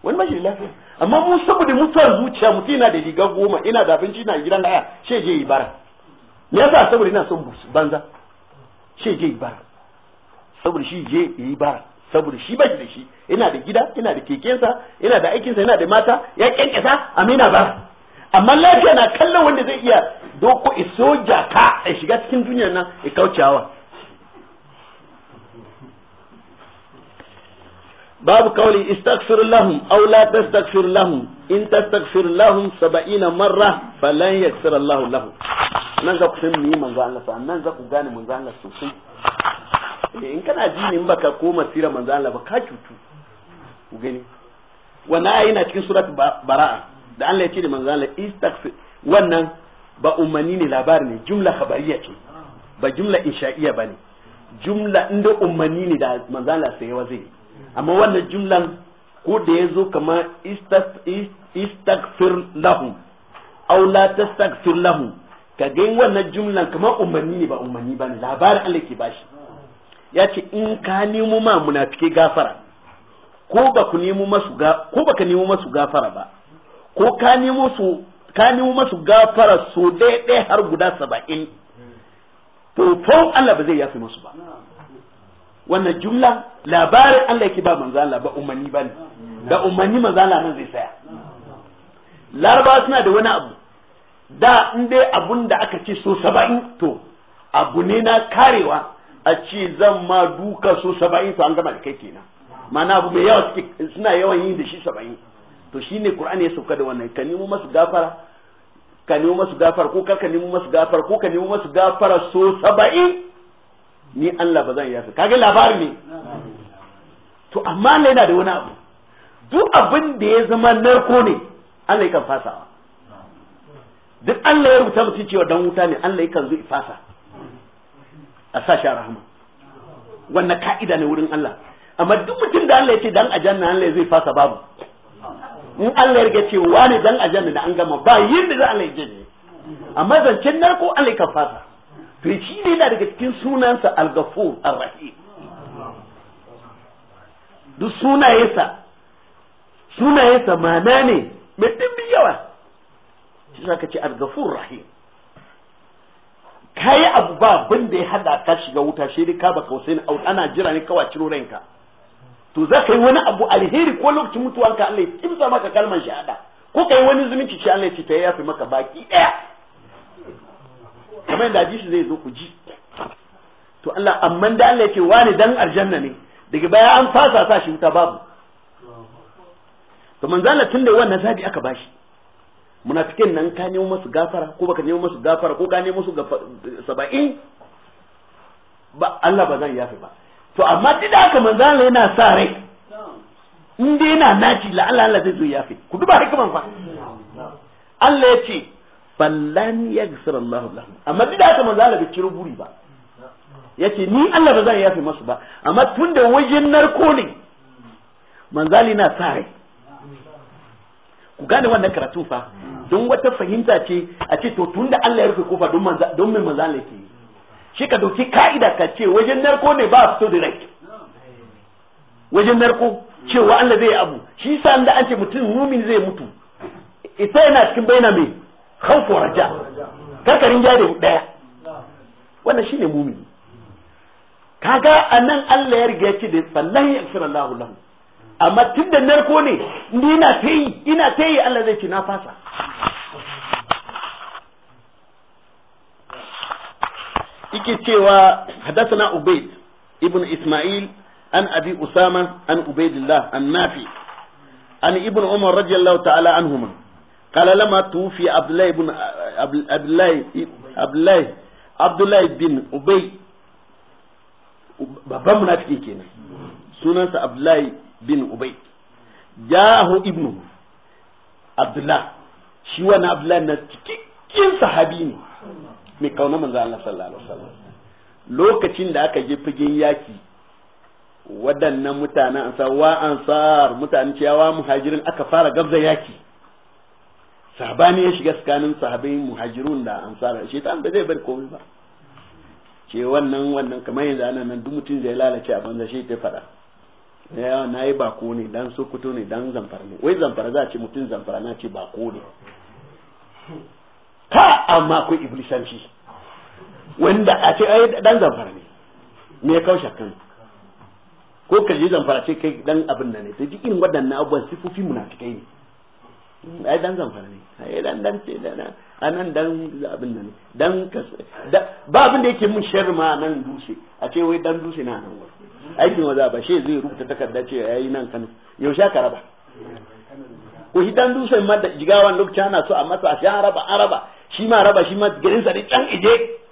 wani mashi da lafiya amma mu saboda mutuwar zuciya mutum yana da riga goma ina da abinci na gidan haya she je yi bara me yasa saboda ina son banza she je yi bara saboda shi je yi bara saboda shi ba da shi ina da gida ina da kekensa ina da aikinsa ina da mata ya kyankyasa amina ba. amma lafiya na kallon wanda zai iya doko isoja ka ya shiga cikin duniyar nan ya kaucewa babu قولي استغفر lahum او لا تستغفر ان تستغفر 70 فلن الله nan manzo Allah sa nan za ku gane manzo Allah sosai eh, in kana ji in baka koma sira manzo Allah ba ka cutu ku cikin surat bara'a da Allah ya ce da manzo Allah wannan ba ummani ne labari ne jumla khabariya ce ba jumla insha'iya bane jumla inda umarni ne da manzo Allah sai yawa zai amma wannan jumlan ko da ya zo kama istagfir lahu aw la tastagfir lahu ka ga wannan jumlan kama umarni ne ba umarni ba ne labarin Allah ke bashi ya ce in ka nemo ma munafike gafara ko ba ku nemo masu ga ko ba ka nemo masu gafara ba ko ka nemo su ka nemo masu gafara so ɗaya har guda saba'in to fa Allah ba zai yafi masu ba wannan jumla labarin Allah yake ba manzo Allah ba umarni ba ne da umarni manzo Allah nan zai saya laraba suna da wani abu da in dai abun da aka ce so saba'in to abu ne na karewa a ce zan ma duka so saba'in to an gama da kai kenan ma'ana abu mai yawa suna yawan yi da shi saba'in to shine qur'ani ya sauka da wannan ka nemo masu gafara ka nemo masu gafara ko ka nemo masu gafara ko ka nemo masu gafara so saba'in ni Allah ba zan yasa kage labarin ne to amma ne yana da wani abu duk abin da ya zama narko ne Allah yakan fasa duk Allah ya rubuta mutum cewa dan wuta ne Allah yakan zo ifasa a sa shi rahama wannan ka'ida ne wurin Allah amma duk mutum da Allah ya ce dan ajanna Allah zai fasa babu in Allah ya rike ce wani dan ajanna da an gama ba yin da za Allah ya je amma zancen narko Allah yakan fasa to shi ne na daga cikin sunansa al-ghafur ar-rahim duk sunayensa sunayensa ma'ana ne mai dimbin yawa shi zaka ce al-ghafur rahim kayi abu ba abin da ya hada ka shiga wuta shi dai ka ba kausai na ana jira ne kawai ciro ranka to za ka yi wani abu alheri ko lokacin mutuwanka Allah ya kimsa maka kalmar shahada ko ka yi wani zumunci shi Allah ya ce ta yafi maka baki daya kamar yadda hadisi zai zo ku ji to Allah amma da Allah yake wani dan aljanna ne daga baya an fasa sa shi wuta babu to manzo Allah tunda wannan zabi aka bashi munafikin nan ka nemo musu gafara ko baka nemo musu gafara ko ka nemo musu saba'in ba Allah ba zan yafe ba to amma duk da haka manzo Allah yana sa rai in dai yana naci la Allah Allah zai zo yafe ku duba hikiman fa Allah ya ce fallan yaghfir Allah lahum amma duk da haka manzo Allah bai ciro buri ba yace ni Allah ba zan yafe masu ba amma tunda wajen narko ne manzali na sare ku gane wannan karatu fa don wata fahimta ce a ce to tunda Allah ya rufe kofa don manza don mai manzo Allah ke shi ka dauki ka'ida ka ce wajen narko ne ba fito direct wajen narko cewa Allah zai abu shi sa an da an ce mutum mumin zai mutu ita yana cikin baina mai khawfu raja karkarin jari daya wannan shine mumini kaga anan Allah ya riga ce da sallahi aksirallahu lahu amma tun da narko ne ni ina ta ina Allah zai ci na fasa yake cewa hadathana ubayd ibn isma'il an abi usama an ubaydillah an nafi an ibn umar radiyallahu ta'ala anhuma قال لما توفي عبد الله بن babban munafiki kenan sunansa abdullahi bin ubay jahu ibnu abdullah shi wani na cikin sahabi ne mai kauna manzo Allah lokacin da aka je fagen yaki waɗannan mutanen ansar wa ansar mutanen ciyawa muhajirin aka fara gabza yaki sahabani ya shiga tsakanin sahabai muhajirun da ansara shaitan ba zai bar komai ba ce wannan wannan kamar yanzu ana nan duk mutum zai lalace a banza shi ta fada ya na yi bako ne dan sokoto ne dan zamfara ne wai zamfara za a ce mutum zamfara na ce bako ne ka amma akwai iblisanci wanda a ce ai dan zamfara ne me ya kawo shakkan ko ka je zamfara ce kai dan abin nan ne ta duk irin waɗannan abubuwan sifofi munafikai ne ai dan zamfara ne ai dan dan ce na anan dan abin nan dan ba abin da yake mun sharri ma nan dushe a ce wai dan dushe na nan wurin aikin waza ba she zai rubuta takarda ce yayi nan Kano yaushe ka raba ko shi dan dushe ma da jigawan lokacin ana so a masa a raba araba raba shi ma raba shi ma sa ne can ije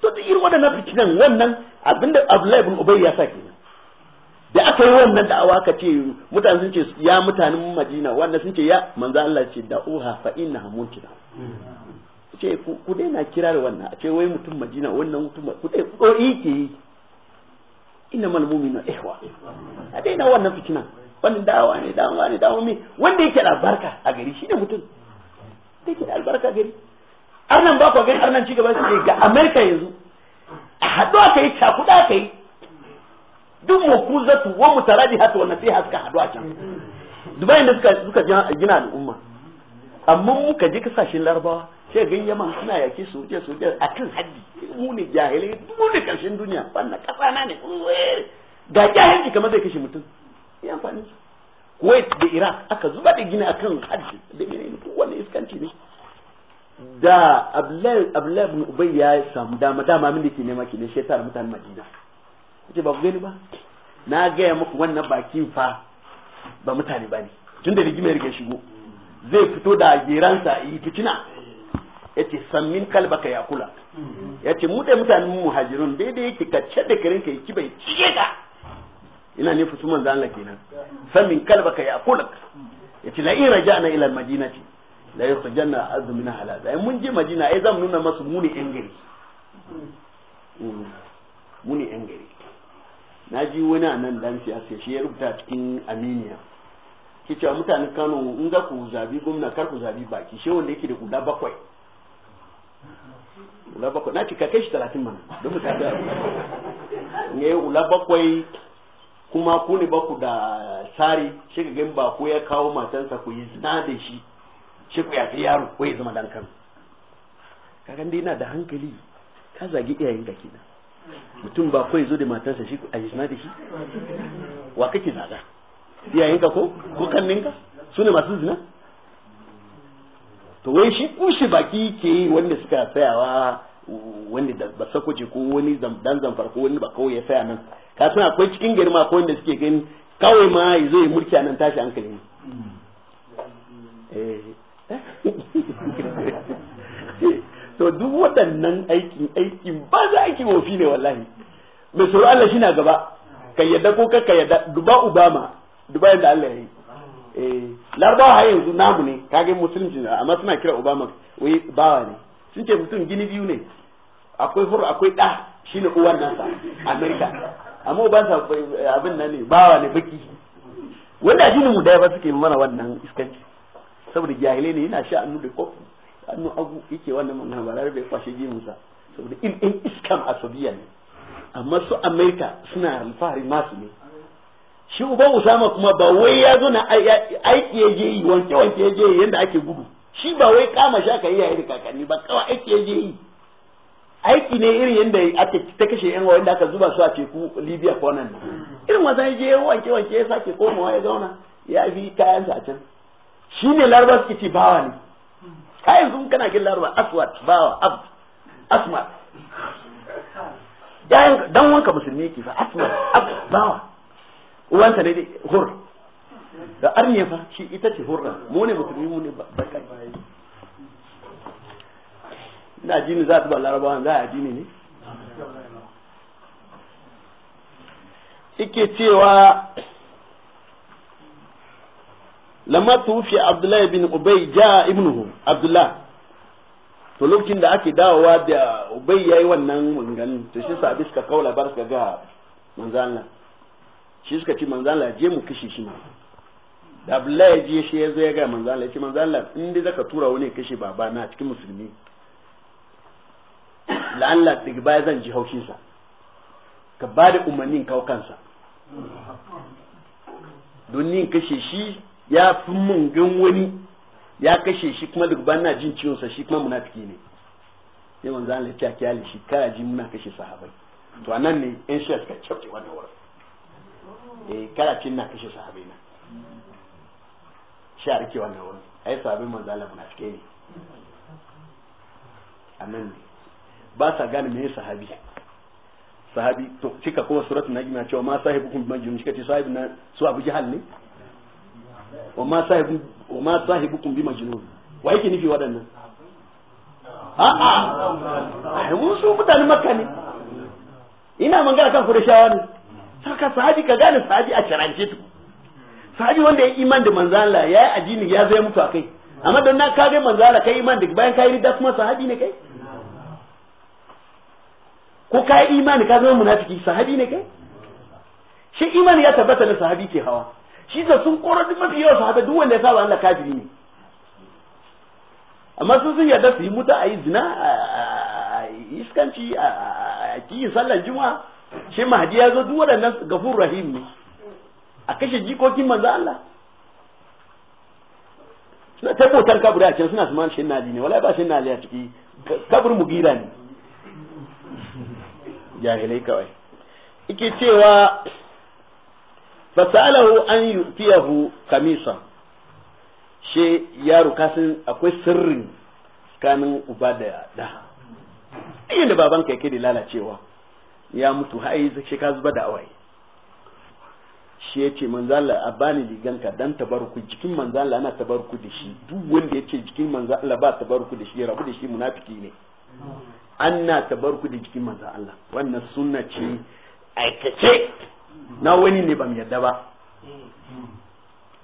to da irin wadannan fitinan wannan abinda Abdullahi ibn Ubayy ya sake da aka yi wannan da'awa ka ce mutane sun ce ya mutanen madina wanda sun ce ya manzo Allah ce uha fa innaha munkira ce ku daina kirar wannan a ce wai mutum madina wannan mutum ku dai ko ke yi inna mal mu'minu ihwa a daina wannan fitina wannan da'awa ne da'awa ne da'awa ne wanda yake da albarka a gari shine mutum da yake da albarka gari arnan ba ku gani arnan cigaba su ga America yanzu a haɗu aka yi cakuɗa aka yi duk mukuzatu wa mutarajihatu wa nasiha suka hadu a can dubai da suka suka gina al'umma amma muka je kasashen larabawa sai ga yaman suna yake je su a kan haddi mu ne jahilai mu ne karshen duniya wannan kasa na ne ga jahilci kamar zai kashe mutum ya amfani kuwait da iraq aka zuba da gina akan haddi da menene duk wannan iskanci ne da abdullahi abdullahi ibn ubay ya samu dama dama min da ke nema ke ne shi mutanen madina ce ba ku gani ba na gaya muku wannan bakin fa ba mutane ba ne tun da rigimar ga shigo zai fito da geransa yi fitina ya ce sammin kalbaka ya kula ya ce mu da mutanen muhajirun daidai yake ka ce da karin ka yi bai cike ka ina ne fusu manzo Allah kenan sammin kalbaka ya kula ya ce la in raja'na ila al-madinati la yukhrijanna azmina halaza mun je madina ai zan nuna masu muni yan gari mm. muni yan gari na ji wani a nan dan siyasa shi ya rubuta cikin aminiya Ki cewa mutanen kano in ga ku zabi gwamna kar ku zabi baki shi wanda yake da guda bakwai ula bakwai na cika kai shi talatin mana don mu tafi ne ula bakwai kuma ku ne ku da tsari shi ga ba ku ya kawo matansa ku yi zina da shi shi ku yafi yaro ko ya zama dan kano kaga dai na da hankali ka zagi iyayen ka kenan mutum ba kawai zo da matarsa shi a yi da shi wa kake zaga iyayenka ko ko kanninka su ne masu zina to wai shi kushe baki ke wanda suka tsayawa wanda da ba sakoce ko wani dan zamfar ko wani ba kawai ya tsaya nan ka san akwai cikin girma ko wanda suke gani kawai ma ya zo ya mulki a nan tashi hankali ne eh to duk waɗannan aikin aikin ba za aikin wofi ne wallahi mai tsoro Allah shi na gaba ka yadda ko ka yadda duba Obama duba yadda Allah ya yi eh larba ha yanzu namu ne kage musulunci amma suna kira Obama wai bawa ne sun ce mutum gini biyu ne akwai hur akwai ɗa shine uwan nasa America amma uban sa eh, abin nan ne bawa ne baki wanda ne mu daya ba suke mana wannan iskanci saboda jahilai ne yana sha'anu da kofi hannu abu yake wannan manna ba bai kwashe jimusa saboda in ɗin iskan asabiya ne amma su amerika suna alfahari masu ne shi uba usama kuma ba wai ya zo na aiki ya je yi wanke wanke ya je yi yadda ake gudu shi ba wai kama sha ka yi yayi da kakanni ba kawai aiki ya je yi aiki ne irin yadda ake ta kashe yan wanda aka zuba su a teku libya ko nan irin wasan ya je wanke wanke ya sake komawa ya zauna ya fi kayansa a can shi ne larabar suke ce bawa ne a yanzu kana jin laraba aswat bawa abd asma yayin dan wanka musulmi yake fa asma abd bawa uwanta ne dai hur da arniya fa shi ita ce hurra mu ne musulmi mu ne bakai ina jini za ta ba larabawa za a jini ne ike cewa lamma tufi abdullahi bin ubay ja ibnuhu abdullah to lokacin da ake dawowa da ubay yayi wannan wangan to shi sabi biska kawo bar ka ga manzo shi suka ci manzo Allah je mu kashe shi ma da abdullahi je shi yazo ya ga manzo Allah ya ce manzo Allah in dai zaka tura wani kashe baba na cikin musulmi la'alla daga baya zan ji haushinsa ka bada umarnin kawo kansa don yin kashe shi ya fi mun gan wani ya kashe shi kuma duk na jin sa shi kuma munafiki ne sai manzo Allah ya kiyale shi kai ji muna kashe sahabbai to anan ne in shi suka cafke wannan wurin eh kala cin na kashe sahabbai na shi a wannan wurin ai sahabbai manzo Allah munafiki ne anan ne ba sa gane me sahabi sahabi to cika kuma suratul najm ya cewa ma sahibukum bi majnun shi kace sahibi na su abu jahal ne wa ma sahibukum bi majnun wa yake nufi wadannan a'a ai mun su mutane makka ne ina magana kan kurashawa ne saka sahabi ka gane sahabi a karance tu sahabi wanda ya iman da manzo Allah ya yi ajini ya zai mutu akai amma don na ka ga manzo Allah kai iman da bayan kai ridda kuma sahabi ne kai ko kai imani ka zama munafiki sahabi ne kai shi imani ya tabbata na sahabi ke hawa shi da sun koro duk mafi yawa su haka duk wanda ya saba Allah kafiri ne amma sun sun yarda su yi muta a yi zina a iskanci a kiyi sallar juma. shi mahadi ya zo duk waɗannan gafur rahim ne a kashe jikokin manzo Allah suna ta motar kaburi a can suna su man shin ne wallahi ba shin nali a ciki kabur mugira ne jahilai kawai ike cewa fasalahu an yutiyahu kamisa she yaro kasan akwai sirrin tsakanin uba da da inda baban ka yake da lalacewa ya mutu hai she ka zuba da awai shi ya ce manzala a bani liganka dan tabarku jikin manzala ana tabarku da shi duk wanda ya ce jikin manzala ba tabarku da shi ya rabu da shi munafiki ne an na tabarku da jikin manzala wannan sunna ce aikace na wani ne ba mu yarda ba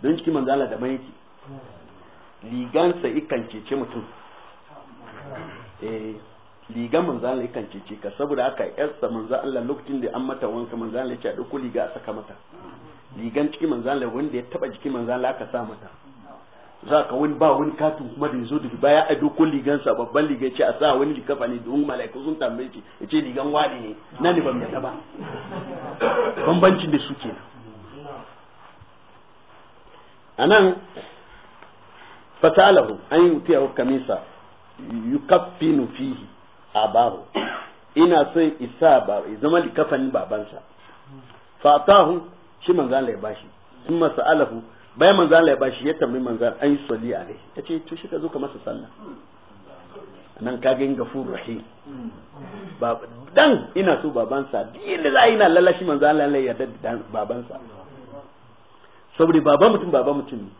don cikin manzo Allah da mai Ligan ligansa ikan cece mutum eh ligan manzo Allah yakan cece ka saboda aka yarsa manzo Allah lokacin da an mata wanka manzo Allah ya ce a dauko liga a saka mata ligan cikin manzo Allah wanda ya taba jikin manzo Allah aka sa mata za ka wani ba wani katin kuma da zo daga baya a doko ligansa babban ligan ce a sa wani likafa ne domin mala'iku sun tambaye shi ya ce ligan wani ne na ne ban ba bambancin da suke a nan fatalahu an yi wuta yawon kamisa yukaffinu fihi a baro ina sai isa ba zama likafanin babansa fatahu shi manzan ya bashi sun masa alahu bayan manzo Allah ya bashi ya tambayi manzo an yi salli alai ya ce to shi ka zo ka masa sallah nan ka ga gafur rahim ba dan ina so babansa da za ina na lalashi manzo Allah ya yarda da babansa saboda baba mutum baba mutum ne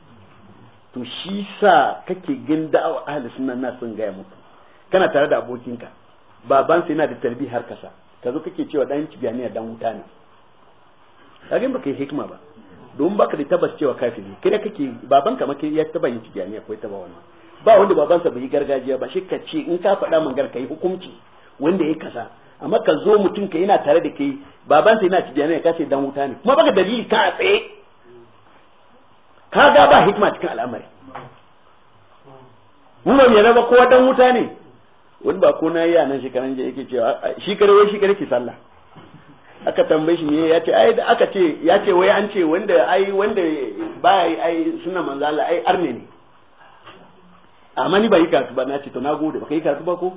to shi sa kake gin da'awa ahli sunna na son gaya muku kana tare da abokinka babansa yana da tarbi har kasa ka zo kake cewa dan cibiyaniya dan wuta ne kage ba kai hikima ba don baka da tabbas cewa kafiri kira kake baban ka maka ya taba yin tijaniya ko taba wannan ba wanda babansa bai yi gargajiya ba shi ka ce in ka faɗa mangar ka yi hukunci wanda ya kasa amma ka zo mutum ka yana tare da kai babansa yana tijaniya ka sai dan wuta ne kuma baka dalili ka tsaye ka ga ba hikima cikin al'amari nuna ne ba kowa dan wuta ne wani ba ko na yi a nan shekaran jiya yake cewa shi kare wai shi kare ki sallah aka tambaye shi me ya ce ai da aka ce ya ce wai an ce wanda ai wanda ba ai ai suna manzo Allah ai arne ne amma ni ba yi kasu ba na ce to na gode ba kai kasu ba ko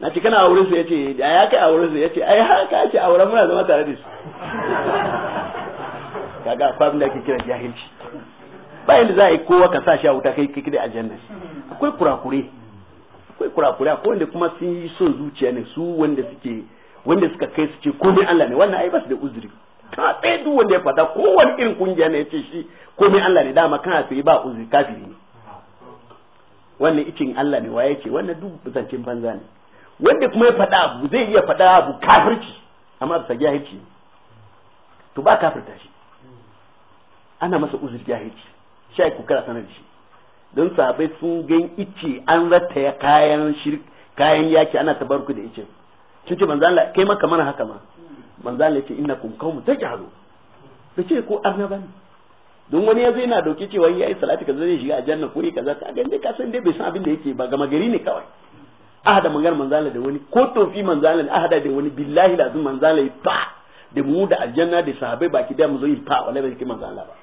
na ce kana auren su ce da ya kai auren su ce ai haka ce auren muna zama tare da su kaga akwai abin da ake kira jahilci ba yanda za a yi kowa ka sa shi a wuta kai kike da aljanna akwai kurakure akwai kurakure akwai wanda kuma sun yi son zuciya ne su wanda suke wanda suka kai su ce komai Allah ne wannan ai ba su da uzuri ka tsaye duk wanda ya fada kowane irin kungiya ne ya ce shi komai Allah ne dama kana sai ba uzuri kafiri ne wannan icin Allah ne waye ce wannan duk zancen banza ne wanda kuma ya fada abu zai iya fada abu kafirci amma bisa jahilci to ba kafirta shi ana masa uzuri jahilci shi ku kara sanar da shi don sabai sun gan ice an ya kayan shirk kayan yaki ana tabarku da icin sun ce manzo Allah kai maka mana haka ma manzo Allah yace innakum qaumun tajhalu da ce ko ba ne don wani yazo yana dauke cewa yi salati kaza zai shiga aljanna ko koyi kaza ga inda ka san dai bai san abin da yake ba gama gari ne kawai ahada mangar manzala da wani ko tofi manzala da ahada da wani billahi lazim manzala ya ba da mu da aljanna da sahabbai baki da mu zo yi fa wala bai kai manzala ba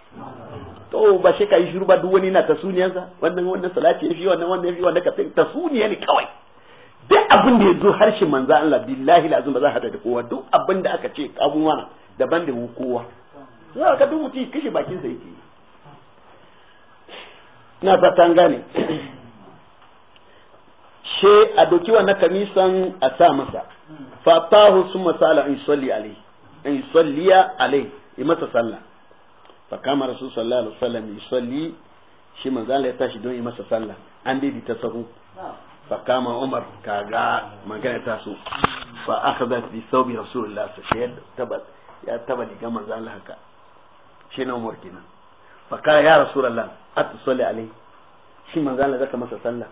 to ba shi ka yi shiru ba duk wani na tasuniyansa wannan wannan salati ya fi wannan wannan ya fi wannan ka tasuniya ne kawai duk abin da ya zo harshen manzo Allah billahi lazim ba za hada da kowa duk abin da aka ce abubuwa na daban da kowa sai ka duk mutum kashe bakin sa yake na fatan gane she a doki wannan kamisan a sa masa fatahu summa sala in salli alai in salliya alai yi masa sallah fa kama rasul sallallahu alaihi wasallam salli shi manzo Allah ya tashi don yi masa sallah an ta sahu فقام عمر كاغا من كان تاسو فاخذت بثوب رسول الله صلى الله تبت يا تبت كما زال هكا شنو عمر كنا فقال يا رسول الله اتصلي عليه shi manzo Allah masa sallah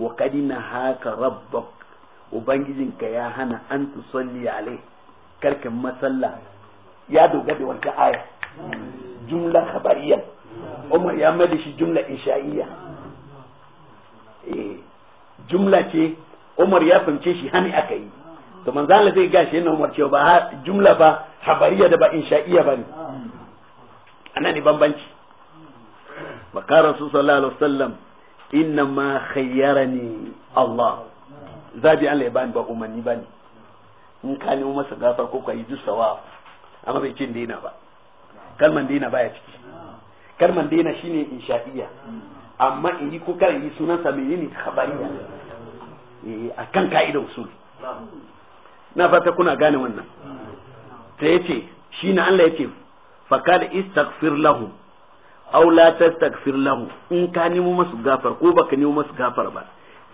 wa kadina haka rabbak ubangijinka ya hana an tusalli alai karka masalla ya doga da wata aya jumla khabariya Umar ya mai shi jumla insha'iyya jumla ce Umar ya fahimce shi hani aka yi to Allah zai gashi yana Umar cewa ba jumla ba habariya da ba insha'iyya ba ne ne bambanci baka rasul sallallahu alaihi wasallam inna ma khayyarani Allah zabi Allah ya bani ba umarni ne in ka nemo masa gafa ko ka yi jusawa amma bai cin daina ba kalman daina baya ciki kalman daina shine insha'iyya amma in yi ko yi sunan sa menene khabariya eh akan kaida usul na fata kuna gane wannan ta yace shi na Allah yace fakad istaghfir lahu aw la tastaghfir lahu in ka nemo masu gafar ko baka nemo masu gafar ba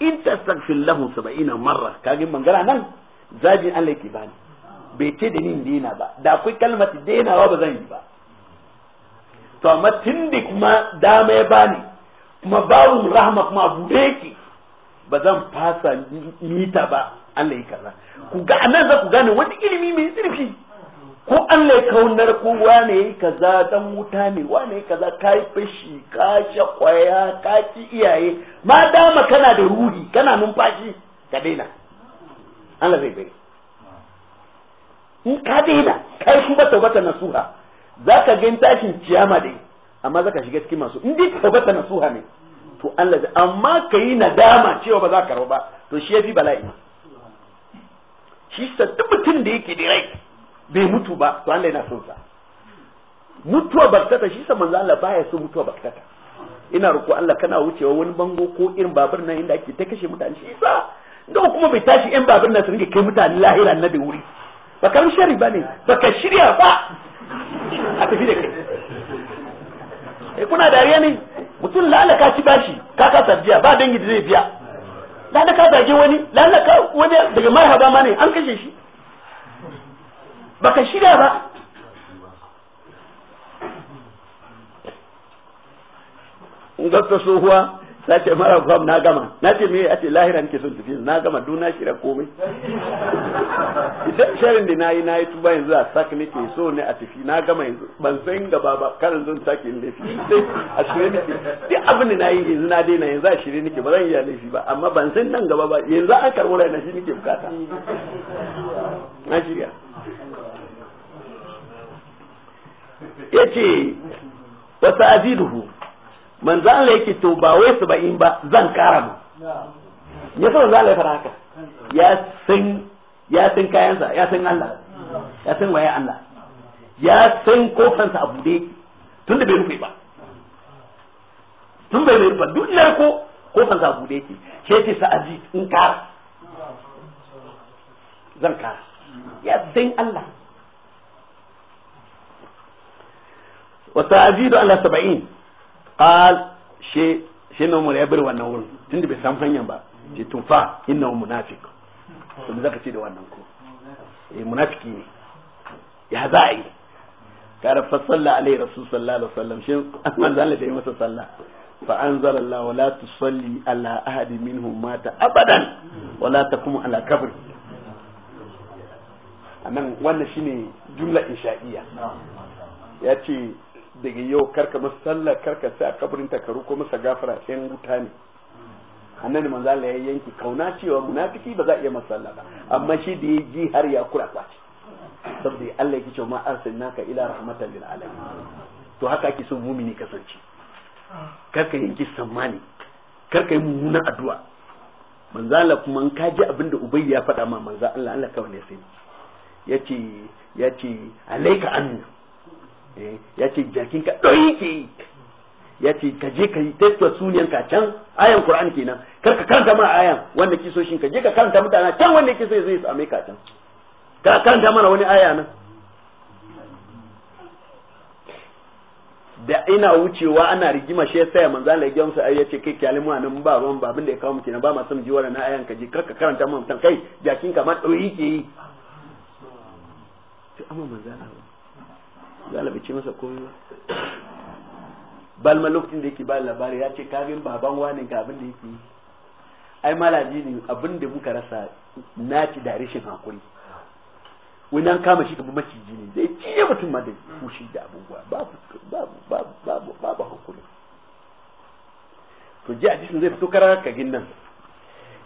in tastaghfir lahu 70 marra kage mangara nan zabi Allah yake bani bai ce da ni dena ba da akwai kalmar dena ba zan yi ba to amma tindik kuma dama ya bani kuma babu rahama kuma bude yake ba zan fasa mita ba Allah ya kaza ku ga anan za ku gane wani ilimi mai zurfi ko Allah ya kaunar ko wane yayi kaza dan wuta ne wane yayi kaza kai fashi ka sha kwaya ka ci iyaye ma dama kana da ruhi kana numfashi ka daina Allah zai bari in ka daina kai kuma tabbata nasuha zaka ga tashin ciyama dai amma zaka shiga cikin masu in dai taubata nasuha ne to Allah zai amma kai nadama cewa ba za ka karba ba to shi yafi bala'i shi sa duk mutum da yake da rai bai mutu ba to Allah yana son sa mutuwa barkata shi sa manzo Allah baya so mutuwa barkata ina roƙo Allah kana wucewa wani bango ko irin babur nan inda ake ta kashe mutane shi sa da kuma bai tashi yan babur nan su rinke kai mutane lahira na da wuri ba karam shari ba ne ba ka shirya ba a tafi da kai eh kuna dariya ne mutum lalaka ci bashi ka ka ba dangi da zai biya lalaka zage wani lalaka wani daga marhaba ma ne an kashe shi baka shirya ba in tsohuwa sace mara kwam na gama na ce me ce lahira nake son tafi na gama duna na komai idan sharin da nayi nayi tuba yanzu a sak nake so ne a tafi na gama yanzu ban san gaba ba karin zan sake yin laifi sai a shirye nake duk abin da nayi yanzu na daina yanzu a shirye nake ba zan iya laifi ba amma ban san nan gaba ba yanzu an karɓo raina shi nake bukata na shirya yace wasa aziduhu manzo Allah yake to ba wai saba'in ba zan kara mu ya san manzo Allah ya fara haka ya san ya san kayansa ya san Allah ya san waye Allah ya san kofansa a bude tun da bai rufe ba tun bai rufe ba duk ko kofansa a bude yake ce sa aji in kara zan kara ya san Allah wa ta'jidu ala saba'in قال she shi wannan wurin tunda bai san hanyar ba ce tufa inna munafiq to zaka ce da wannan ko eh munafiki ne ya za fa salla rasul sallallahu alaihi wasallam shi da masa fa Allah wala tusalli ala ahadi minhum mata abadan wala takum kabri anan wannan shine jumla insha'iyya yace daga yau karka masa sallar karka sa kabarin ta karu ko masa gafara yan wuta ne annabi manzo Allah ya yanki kauna cewa munafiki ba za a iya masa sallah ba amma shi da ya ji har ya kura kwaci saboda Allah yake cewa ma arsalnaka ila rahmatan lil alamin to haka ake son mumini kasance karka yanki sammani karka yi mummuna addu'a manzo Allah kuma in ka ji abinda ubayy ya faɗa ma manzo Allah Allah kawai ne sai ya ce alaika annu Eh, ya ce jakin ka ɗoyi ke yi ya ce ka je ka yi testa suniyan ka can ayan qur'an kenan kar ka karanta mana ayan wanda ke so shin ka je ka karanta mutane can wanda ke so zai same ka can ka karanta mana wani aya nan da ina wucewa ana rigima shi yasa manzo Allah ya gamsa ya yace kai kyalimu nan ba ruwan ba abin da ya kawo miki ba ma san jiwara na ayan ka kar karka karanta mana mutan kai jakin ka ma ɗauki. ke yi amma manzo Allah ya bai masa komai ba balma lokacin da yake ba labari ya ce kagin baban wani ga abin da yake yi ai malaji ne abin da muka rasa naci da rashin hakuri wani an kama shi kamar maciji ne zai ciye mutum ma da fushi da abubuwa babu babu babu babu babu hakuri to ji jisun zai fito ka kagin nan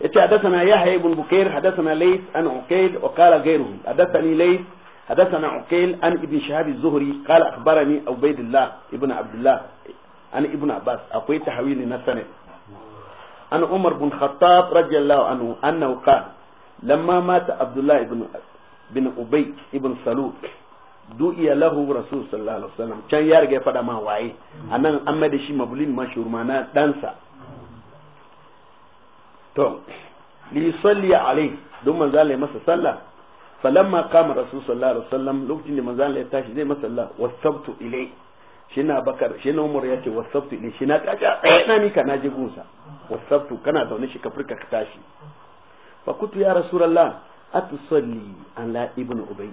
yace hadathana yahya ibn bukair na lays an uqail wa gairu ghayruhu ni lays حدثنا عقيل عن ابن شهاب الزهري قال اخبرني عبيد الله ابن عبد الله عن ابن عباس اقوي تحويل نسنه عن عمر بن خطاب رضي الله عنه انه قال لما مات عبد الله بن بن ابي بن سلوك du'iya lahu rasul sallallahu alaihi wasallam can ya riga ya fada ma waye anan an mai da shi mabulin mashhur mana dansa to li salli alai don manzo Allah masa sallah فلما قام rasul sallallahu alaihi wasallam lokacin da manzo Allah ya tashi zai masalla wasabtu ilai shi na bakar shi na umar ya ce wasabtu ilai shi na tashi tsaye na mika na je gunsa wasabtu kana zaune shi ka furka ka tashi fa kutu ya rasulullah atusalli ala ibnu ubay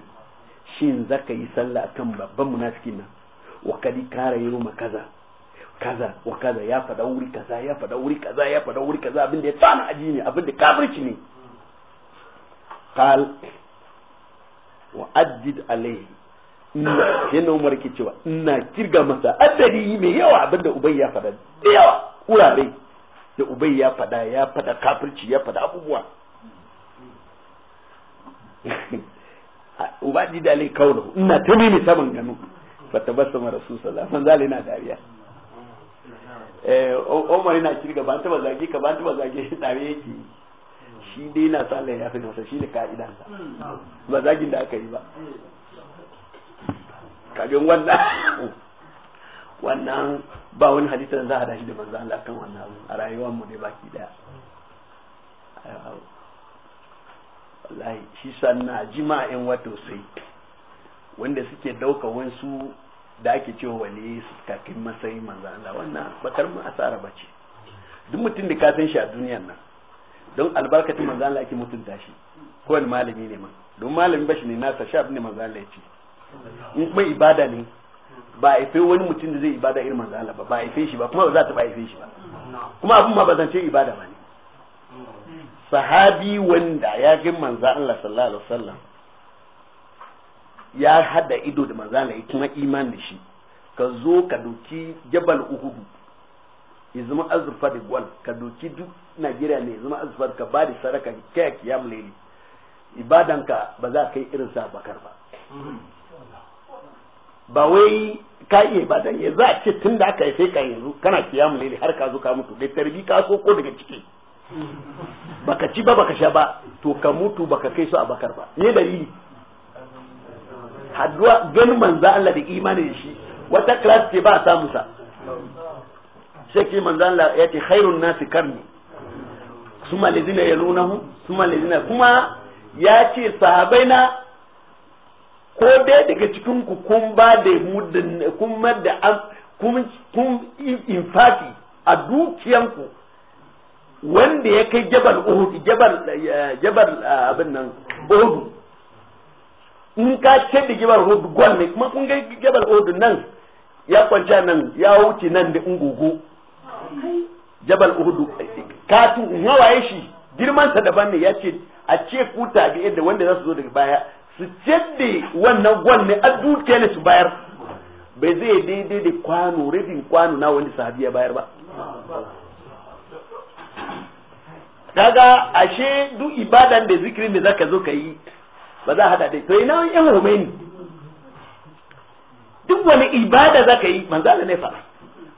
shin zaka yi sallah babban nan yi kaza wa kaza ya fada wuri kaza ya fada wuri kaza ya fada wuri kaza abinda ya tsana aji ne abinda kafirci ne wa addid alaihi ina yana umar ke cewa ina kirga masa addadi mai yawa abinda ubai ya fada da yawa wurare da ubai ya fada ya fada kafirci ya fada abubuwa ubadi da alai kawo ina ta nemi saman gano fata basa mara su salafan zali na dariya eh umar yana kirga ba ta ba zage ka ba ta ba zage shi tare yake shi dai na sa Allah ya fi masa shi ne ka'idan sa ba zagin da aka yi ba kajin wannan wannan ba wani hadisi da za a dashi da manzo Allah kan wannan abu a rayuwar mu ne baki daya wallahi shi sanna jima'in wato sai wanda suke dauka wansu da ake cewa wani kakin matsayin manzo Allah wannan bakar mu asara bace duk mutum da ka san shi a duniyar nan don albarkacin manzo Allah ake mutunta shi wani malami ne ma don malami bashi ne nasa sha ne manzo Allah ya ce in kuma ibada ne ba a ife wani mutum da zai ibada irin manzo Allah ba ba a ife shi ba kuma ba za ta ba ife shi ba kuma abun ma ba zance ibada ba ne sahabi wanda ya ga manzo Allah sallallahu alaihi wasallam ya hada ido da manzo Allah kuma imani da shi ka zo ka doki jabal uhud ya zama azurfa da gwal ka doki duk Najeriya ne zama azfar ka ba da sadaka kai kiyam leli ka ba za ka yi irin sa bakar ba ba wai ka iya ibadan ya za ce tun da aka yi sai ka yanzu kana kiyam leli har ka zo ka mutu da tarbi ka so ko daga ciki baka ci ba baka sha ba to ka mutu baka kai su a bakar ba ne dalili haduwa ganin manzo Allah da imani da shi wata class ce ba a samu sa sai manzo Allah ya ce khairun nasi karni suma lazina yalunahu suma lezina kuma ya ce sahabai na ko dai daga cikin ku kun ba da kun da kun kun infati a dukiyanku wanda ya kai jabal uhud jabal eh, jabal eh, abin nan uhud in ka ce da jabal uhud gwal ne kuma kun ga jabal uhud nan ya kwanta nan ya wuce nan da ungugu jabal uhud ka waye shi girman sa daban ne ya ce a ce ku tabi da wanda za su zo daga baya su cedde wannan gwal ne a dukiya ne su bayar bai zai daidai da kwano rabin kwano na wani sahabi ya bayar ba kaga ashe duk ibada da zikirin da zaka zo ka yi ba za hada dai to ina yan Khomeini duk wani ibada zaka yi manzo Allah ne fa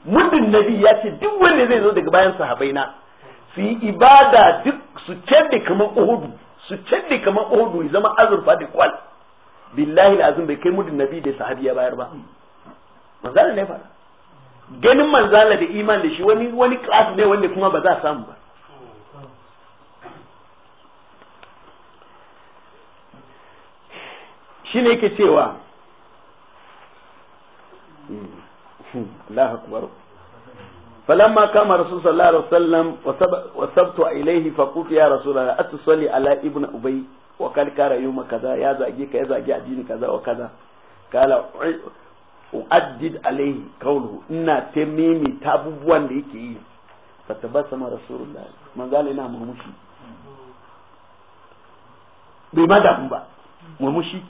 muddin nabi ya ce duk wanda zai zo daga bayan sahabai na su yi ibada duk su cadde kamar ohudu su cadde kamar ohudu ya zama azurfa da kwal billahi azim bai kai mudin nabi da sahabi ya bayar ba manzala ne fara ganin manzala da iman da shi wani wani class ne wanda kuma ba za a samu ba shi ne yake cewa hmm, hmm, Allah akbar فلما كان رسول صلى الله عليه وسلم وسبت اليه فقلت يا رسول الله اتصلي على ابن ابي وقال كار يوم كذا يا زاجيك يا زاجي اديني كذا وكذا قال اؤدد عليه قوله ان تميمي تابوان ليكي فتبسم رسول الله ما قال انا مرمشي بماذا أمبا مرمشي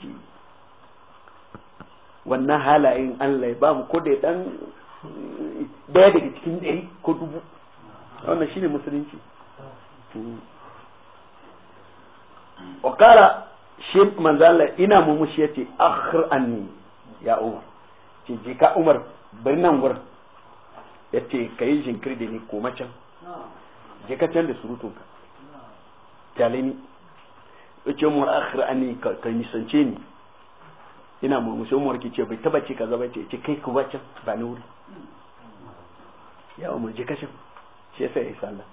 wannan halayen Allah ya ba mu ko dan daya daga cikin ɗari ko dubu wannan shi ne musulunci wa kara shi manzala ina mumushi ce akhir anni ya umar ce je ka umar bari nan ce ka yi jinkiri da ni koma can je ka can da surutun ka tale ni ce umar akhir anni ka nisance ni ina mumushi umar ki ce bai taba ce kaza ba ce kai ku ba can ba ni wuri ya umarci kashin shi yasa ya yi sallah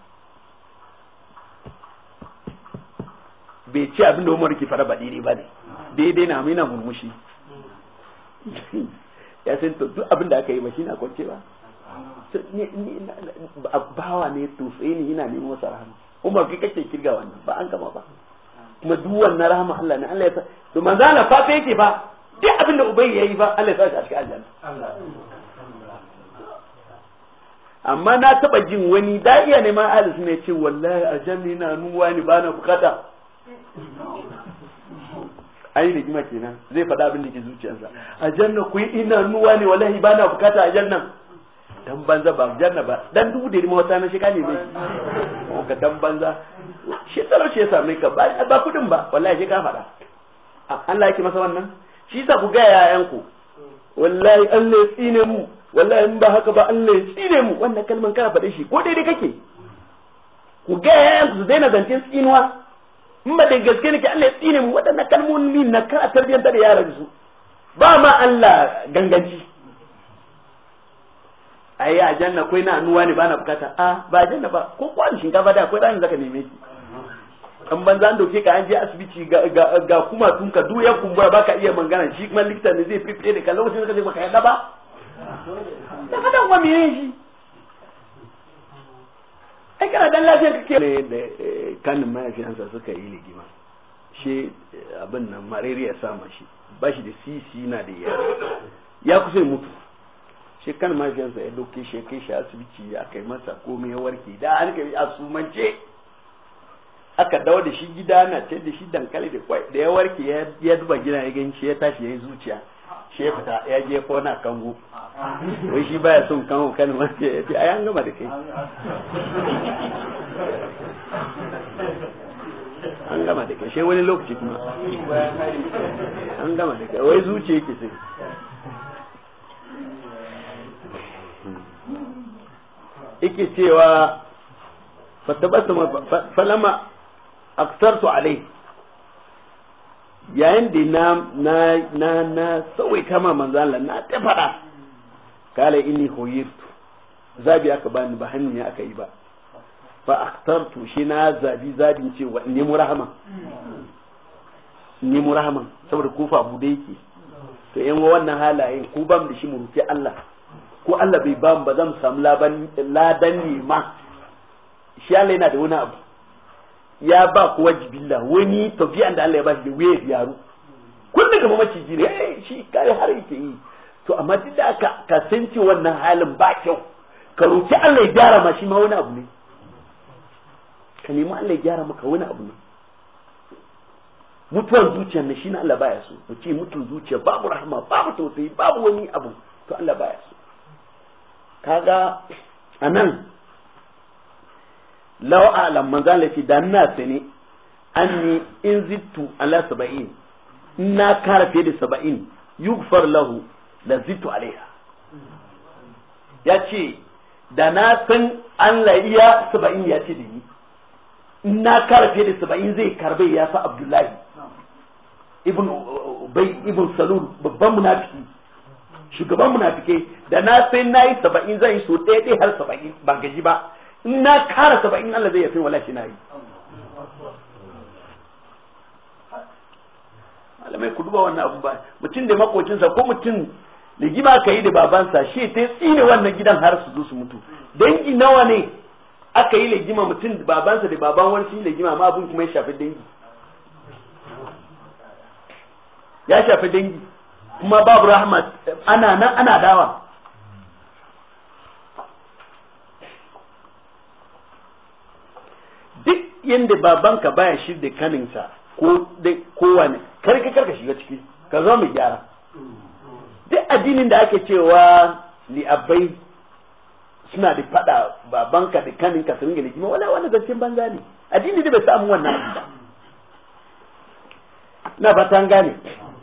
bai ci abin da umar ke fara baɗi ne ba ne daidai na mina murmushi ya san to duk abin da aka yi ba shi na kwance ba bawa ne tufe ne yana neman masa rahama umar kai kake kirga wannan ba an gama ba kuma duk wannan rahama Allah ne Allah ya sa to manzo Allah fa sai yake fa duk abin da ubayy yayi ba Allah ya sa shi a cikin aljanna amma na taba jin wani da iya neman alis ne ce wallahi a janni na nuwa ni ba na bukata ai rigima kenan zai faɗa abin da ke zuciyarsa a janna ku yi ina nuwa ne wallahi ba na bukata a jannan dan banza ba janna ba dan dubu da rima wata na shi kane mai ka dan banza shi tsaro shi ya same ka ba kudin ba wallahi shi ka faɗa Allah yake masa wannan shi sa ku ga yayanku wallahi Allah ya tsine mu wallahi in ba haka ba Allah ya tsine mu wannan kalman kana faɗe shi ko daidai kake ku ga yanzu zai na zancen tsinuwa in ba da gaske ne Allah ya tsine mu waɗannan kalmomi na kana tarbiyyantar da yaran su ba ma Allah ganganci ai a janna koi na anuwa ne na bukata a ba janna ba ko kwan shinkafa da akwai ranar zaka neme shi an banza an doke ka an je asibiti ga kuma tun ka duk ya kumbura baka iya mangana shi kuma likita ne zai fifiye da ka lokacin da ka je ka yada ba da fadan kuma meye shi ai kana dan lafiyar ka ke da e, kanin mayafiyansa suka yi ligima shi e, abin nan marariya sama shi ba shi da sisi na da yara ya kusa yi mutu shi kan mafiyansa ya dauke shi kai shi asibiti ya kai masa komai ya warke da an kai asumance aka dawo da shi gida na ce da shi dankali da kwai da ya warke ya duba gida ya shi ya tashi ya yi zuciya shi ya ya je ko na kango wai shi baya son kango kan wanda ya ce ai an gama da kai an gama da kai shi wani lokaci kuma an gama da kai wai zuciya yake sai yake cewa fa falama aktartu alai yayin da na na na na sauyi kama manzo Allah na ta fada kala inni huyirtu zabi aka bani ba hannu aka yi ba fa akhtartu shi na zabi zabin cewa ni murahama ni murahama saboda kufa bude yake to yan wannan halayen ku bam da shi mu rufe Allah ko Allah bai bam ba zan samu ladan ne ma shi Allah yana da wani abu ya ba ku wajibilla wani tafiyan da Allah ya ba shi da wuya yaru kun daga maciji ne eh shi kare har yake yi to amma duk da aka ka san ce wannan halin ba kyau ka roki Allah ya gyara ma shi ma wani abu ne ka nemi Allah ya gyara maka wani abu ne mutuwar zuciya ne shi na Allah baya so mu ce mutun zuciya babu rahama babu tausayi babu wani abu to Allah baya so kaga anan law alam manzan lafi da na sani anni in zittu ala saba'in na kara fiye da saba'in yugfar lahu la zittu alaiha ya ce da na san Allah iya saba'in ya ce da ni na kara fiye da saba'in zai karbe ya fa abdullahi ibn ubay ibn salul babban munafiki shugaban munafike da na sai na yi saba'in zai so ɗaya ɗaya har saba'in ba gaji ba na kara in Allah zai yafe wala shi na yi malamai ku duba wannan abu ba mutum da makocinsa ko mutum ligima ka yi da babansa shi ta tsine wannan gidan har su zo su mutu dangi nawa ne aka yi ligima mutum da babansa da baban wani shi ligima ma abun kuma ya shafi dangi ya shafi dangi kuma babu rahama ana nan ana dawa yadda babanka baya shi da kaninsa ko kowane karka karka shiga ciki ka zo mu gyara duk addinin da ake cewa abai suna da fada babanka da kaninka su ringa ligima wala wani zancen banza ne addini da bai samu wannan abin ba na ba ta gane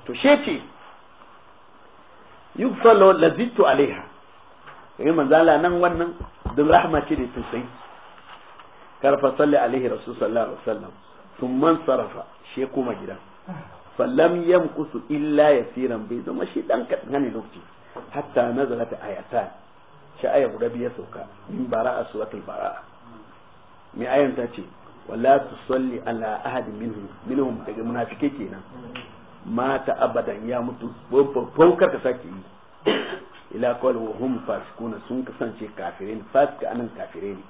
to she ce yugfalo alaiha kai manzala nan wannan dun rahma ce da sosai karfa salli alaihi rasul sallallahu alaihi wasallam sun man sarrafa shi kuma gida falam yamkusu illa siran bai zama shi dan kadan lokaci hatta nazalat ayatan shi aya guda biya sauka min bara'a suratul bara'a mai ayan ta ce wala salli ala ahad minhum minhum daga munafike kenan mata abadan ya mutu babban karka sake yi ila kawai wa hum fasikuna sun kasance kafirai fasika anan kafirai ne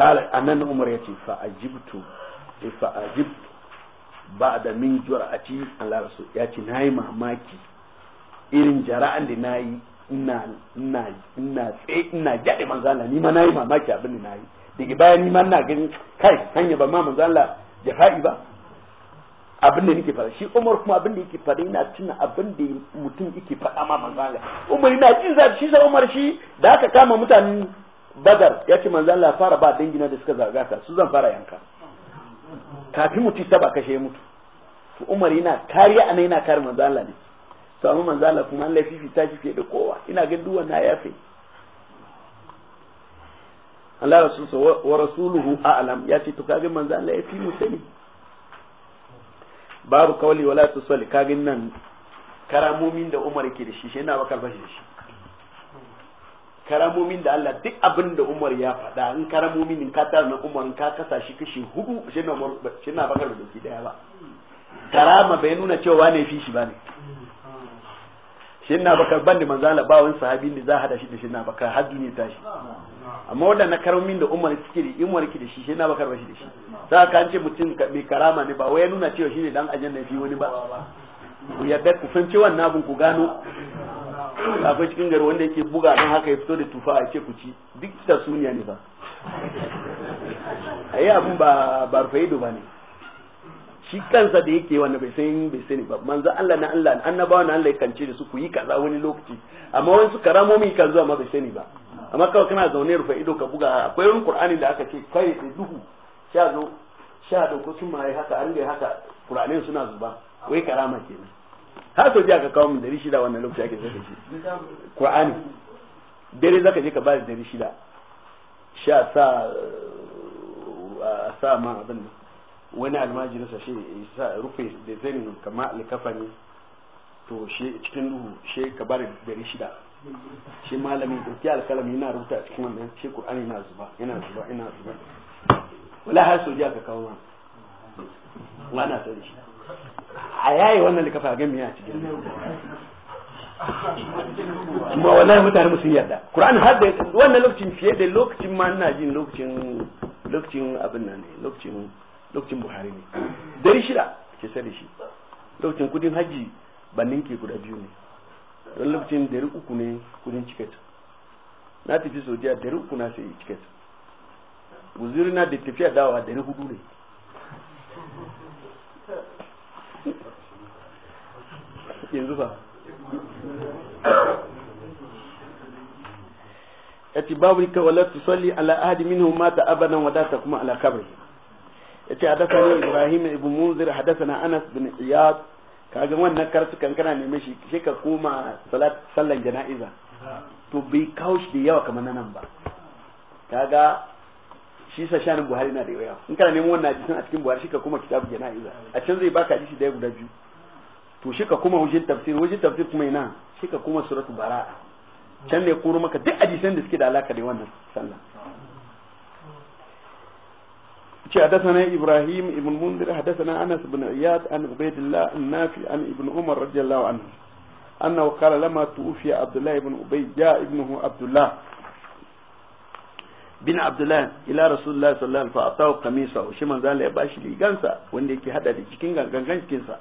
kala anan umar yace fa ajibtu fa ajibtu ba da min jur'ati Allah rasul yace nayi mamaki irin jara'an da nayi ina ina ina sai ina jade manzala ni ma nayi mamaki abin da nayi daga baya ni ma ina ganin kai hanya ba ma manzala jafa'i ba abin da nake fara shi Umar kuma abin da yake fara ina tuna abin da mutum yake fada ma manzala Umar ina jin zafi shi sai Umar shi da aka kama mutanen badar ya ce manzo Allah fara ba dangina da suka zaga ka su zan fara yanka kafin mutu ta ba kashe mutu to Umar yana kariya anan yana kare manzo Allah ne to amma manzo Allah kuma Allah ta shi fiye da kowa ina ga duk wannan ya fi Allah rasul wa rasuluhu a'lam ya ce to kage manzo Allah ya fi mu sani babu kauli wala tusalli kage nan karamomin da Umar yake da shi shi yana bakar bashi shi karamomin da Allah duk abin da Umar ya faɗa in karamomin in ka tara na Umar ka kasa shi kashi hudu shi na Umar shi na bakar da daya ba karama bai nuna cewa ne fi shi bane shi na bakar ban da manzo Allah ba wani sahabi ne za hada shi da shi na bakar har duniya shi amma wannan karamomin da Umar suke da Umar ki da shi shi na bakar ba shi da shi sai ka an ce mutum mai karama ne ba wai nuna cewa shi ne dan da fi wani ba ku yarda ku san wannan na ku gano akwai cikin gari wanda yake buga nan haka ya fito da tufa a ce ku ci duk ta suniya ne ba a yi abin ba ba ido ba ne shi kansa da yake wanda bai san bai sani ba manzo Allah na Allah na annabawa na Allah kan ce da su ku yi kaza wani lokaci amma wani su karamomi kan zuwa ma bai sani ba amma kawai kana zaune rufe ido ka buga akwai wani qur'ani da aka ce kai da duhu sha zo sha da kusun yi haka an haka qur'anin suna zuba wai karama kenan har sau jiya ka kawo min dari shida wannan lokaci ake zaka ji qur'ani dare zaka je ka ba dari shida sha sa sa ma abin nan wani almajiri sa shi sa rufe da zanin kama alkafani to shi cikin duhu shi ka ba dari shida shi malami ɗauki alkalami yana rubuta a cikin wannan shi qur'ani yana zuba yana zuba yana zuba wala har sau jiya ka kawo min wani a da shi a yayi wannan da kafa gami ya ci kuma wallahi mutane musu sun yarda qur'an har da wannan lokacin fiye da lokacin ma ina jin lokacin lokacin abin nan ne lokacin lokacin buhari ne dari shida ke sani shi lokacin kudin haji ban ke guda biyu ne don lokacin dari uku ne kudin ciket na tafi sojiya dari uku na sai ciket guzuri na da tafiya dawa dari hudu ne ciki yanzu fa yace babu ka wala tusalli ala ahadi minhum mata abadan wa data kuma ala kabri yace hadathana ibrahim ibn munzir hadathana anas bin iyad kaga wannan karsu kankana ne shi shi ka koma salat sallan jana'iza to bai kaush da yawa kamar nan ba kaga shi sa shanin buhari na da yawa in kana neman wannan hadisin a cikin buhari shi ka koma kitabu jana'iza a can zai baka hadisi da guda biyu to shi ka kuma wajen tafsir wajen tafsir kuma ina shi ka kuma suratu bara'a can ne koro maka duk hadisan da suke da alaka da wannan sallah ce حدثنا bin abdullah ila rasulullahi sallallahu alaihi wasallam fa shi manzo Allah ya bashi ligansa wanda yake hada da cikin gangan cikin sa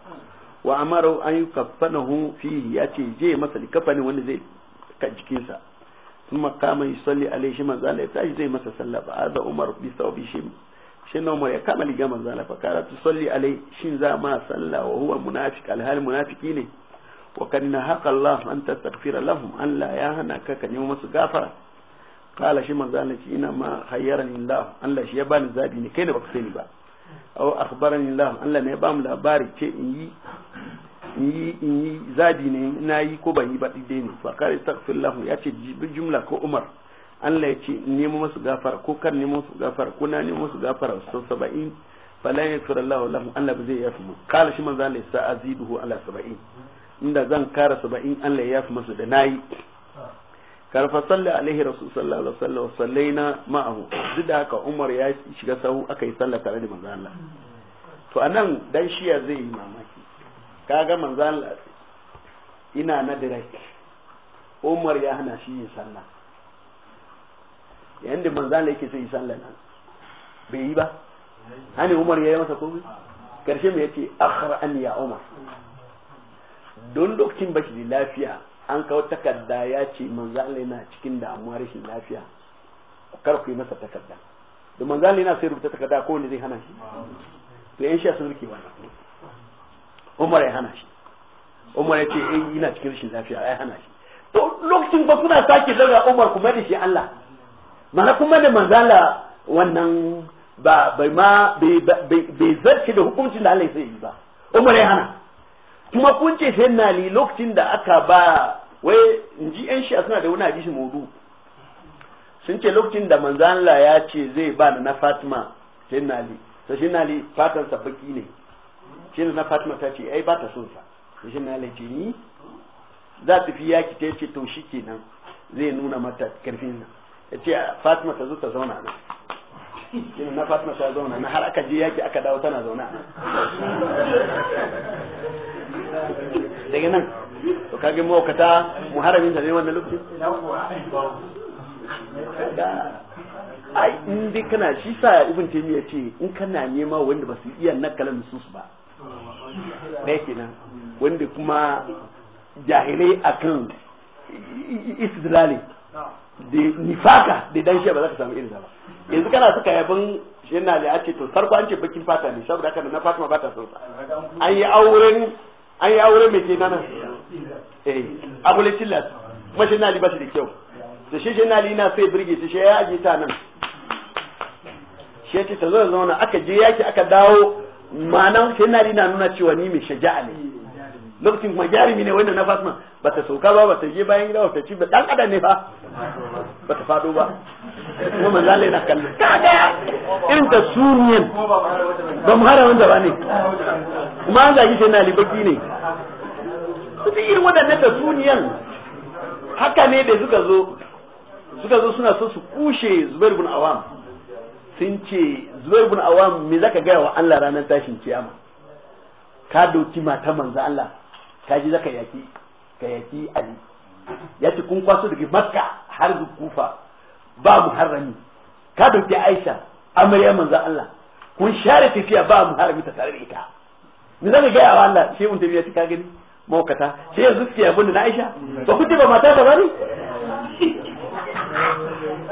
wa amara an yukaffanahu fihi ya ce je masa likafani wanda zai ka jikinsa kuma kama yusalli alaihi shi Allah ya tashi zai masa sallah ba aza umar bi sawbi shi shi umar ya kama liga manzo Allah fa tu salli alaihi shin za ma sallah wa huwa munafiq alhal munafiki ne wa kan haqa Allah an tastaghfira lahum Allah ya hana ka ka nemo masu gafara kala shi manzo Allah shi ina ma hayyarani Allah Allah shi ya bani zabi ne kai ne baka sani ba aw akhbarani Allah Allah ne ba labari ce in yi in yi in yi zabi ne na yi ko ban yi ba dai ne fa kare astaghfirullah ya ce jumla ko Umar Allah ya ce nemo musu gafara ko kan nemo musu gafara ko na nemo musu gafara su saba'in falan yakfir Allah lahum Allah ba zai yafi mu kala shi manzo Allah sa aziduhu ala saba'in inda zan kara saba'in Allah ya yafi musu da nayi karfa salli alaihi rasul sallallahu alaihi wasallam sallaina ma'ahu duk da haka umar ya shiga sahu aka yi sallah tare da manzo Allah to anan dan shiya zai yi mamaki kaga manzo Allah ina na direct umar ya hana shi yin sallah yanda manzo Allah yake sai yi sallah nan bai yi ba hani umar ya yi masa komai karshe mai yace akhra an ya umar don lokacin bashi da lafiya an kawo takarda ya ce manzo Allah yana cikin damuwa rashin lafiya kar ku yi masa takarda da manzo Allah yana sai rubuta takarda ko wanda zai hana shi to yan sha sun rike wannan Umar ya hana shi Umar ya ce eh ina cikin rashin lafiya ai hana shi to lokacin ba kuna sake daga Umar kuma da shi Allah mana kuma da manzo Allah wannan ba bai ma bai zarce da hukuncin da Allah ya sai ba Umar ya hana kuma kun ce sai na li lokacin da aka ba wai in ji yan shi suna da wani hadisi mudu sun ce lokacin da manzo ya ce zai ba na Fatima sai na li to shi na li fatan sa baki ne shi na Fatima ta ce ai ba ta son sa shi na li ce ni za ta fi yaki ta ce to shi kenan zai nuna mata karfin nan ce Fatima ta zo ta zauna nan shine na Fatima ta zauna nan har aka je yaki aka dawo tana zauna nan daga nan to kage maukata muharramin da ne wannan lokaci ai in dai kana shi sa ibn taymiya ce in kana nema wanda ba su iya nakalan su su ba dai kenan wanda kuma jahilai akan istidlali da nifaka da dan shi ba za ka samu irin ba yanzu kana suka yabin shi yana da ya ce to farko an ce bakin fata ne saboda haka na fatima ba ta sauka an yi auren an yi aure mai kenan nan eh, eh abu le kuma shi nali ba shi da kyau da shi shi nali na sai birge shi shi ya aje ta nan shi ya ce ta zo da zauna aka je yaki aka dawo ma'anan shi nali na nuna cewa ni mai shaja'a ne lokacin kuma jarumi ne wanda na fasma ba ta sauka ba ba ta je bayan gida ba ta ci ba dan adam ne fa ba ta fado ba kuma manzo Allah yana kallon kaga irin ta suniyan ba mu hara wanda ba ne kuma an zagi sai na libaki ne su ta irin wadannan ta suniyan haka ne da suka zo suka zo suna so su kushe Zubair bin Awam sun ce Zubair bin Awam me zaka gaya wa Allah ranar tashin kiyama ka dauki mata manzo Allah kaji zaka yaki ka yaki ali ya ce kun kwaso daga makka har kufa ba muharrami ka dauki aisha amarya manzo Allah kun share tafiya ba muharrami ta tare da ita ni zan ga yawa Allah shi mun tafiya ta gani mokata shi yanzu suke yabon da Aisha ba kuce ba mata ba ne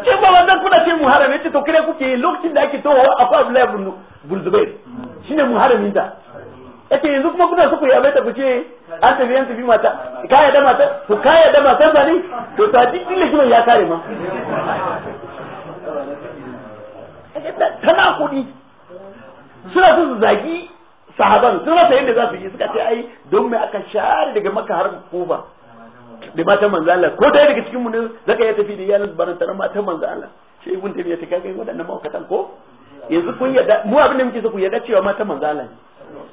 ke ba wanda kuna ce muharrami ce to kire kuke lokacin da ake towa akwai Abdullahi ibn Zubair shine muharramin da yake yanzu kuma kuna suku ya ta ku ce an tafi yan tafi mata ka yadda mata to ka yadda mata ba ne to ta duk lekin ya kare ma tana kudi suna su zagi sahaban sun rasa yadda za su yi suka ce ai don me aka share daga maka har kuba da matan manzo Allah ko dai daga cikin mu ne zaka ya tafi da iyalan baran tare matan manzo Allah shi ibn ya ta kai wadannan maukatan ko yanzu kun yadda mu abin da muke so ku yadda cewa matan manzo Allah ne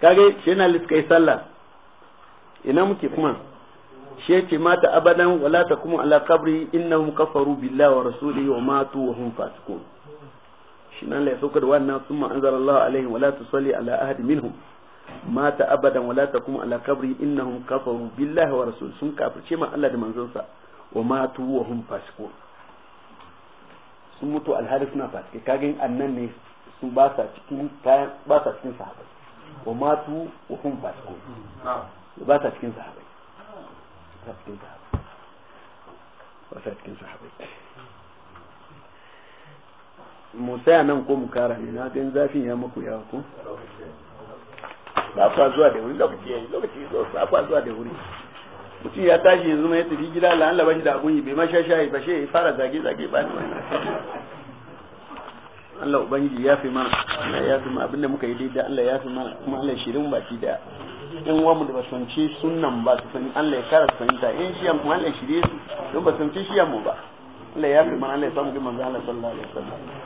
kage shi na liska yi sallah ina muke kuma shi ce mata abadan wala ta kuma ala kabri innahum kafaru billahi wa rasulihi wa matu wa hum fasiqun shi nan la saukar wannan summa anzalallahu alaihi wala tusalli ala ahad minhum mata abadan wala ta kuma ala kabri innahum kafaru billahi wa rasul sun kafirce ma Allah da manzonsa wa matu wa hum fasiqun sun mutu alhari suna fasike kagen annan ne sun ba sa cikin kayan ba sa cikin sahabbai wa matu wa hum fasiqun ba ta cikin sahabbai ba cikin sahabbai ba ta cikin sahabbai musa nan ko mu kara ne na gan zafin ya muku yawa ko ba zuwa da wuri lokaci yayi lokaci zo ba kwa zuwa da wuri mutum ya tashi yanzu mai tafi gida la'an labashi da abun yi bai ma yi ba shi ya fara zage zage ba ne Allah ubangiji ya fi mana Allah ya fi mana abinda muka yi daidai Allah ya fi mana kuma Allah shirin baki da in wa mu da ba sanci sunnan ba su san Allah ya kara su ta in shi kuma Allah shirye su don ba sanci shiyan mu ba Allah ya fi mana Allah ya samu ga manzo Allah sallallahu alaihi wasallam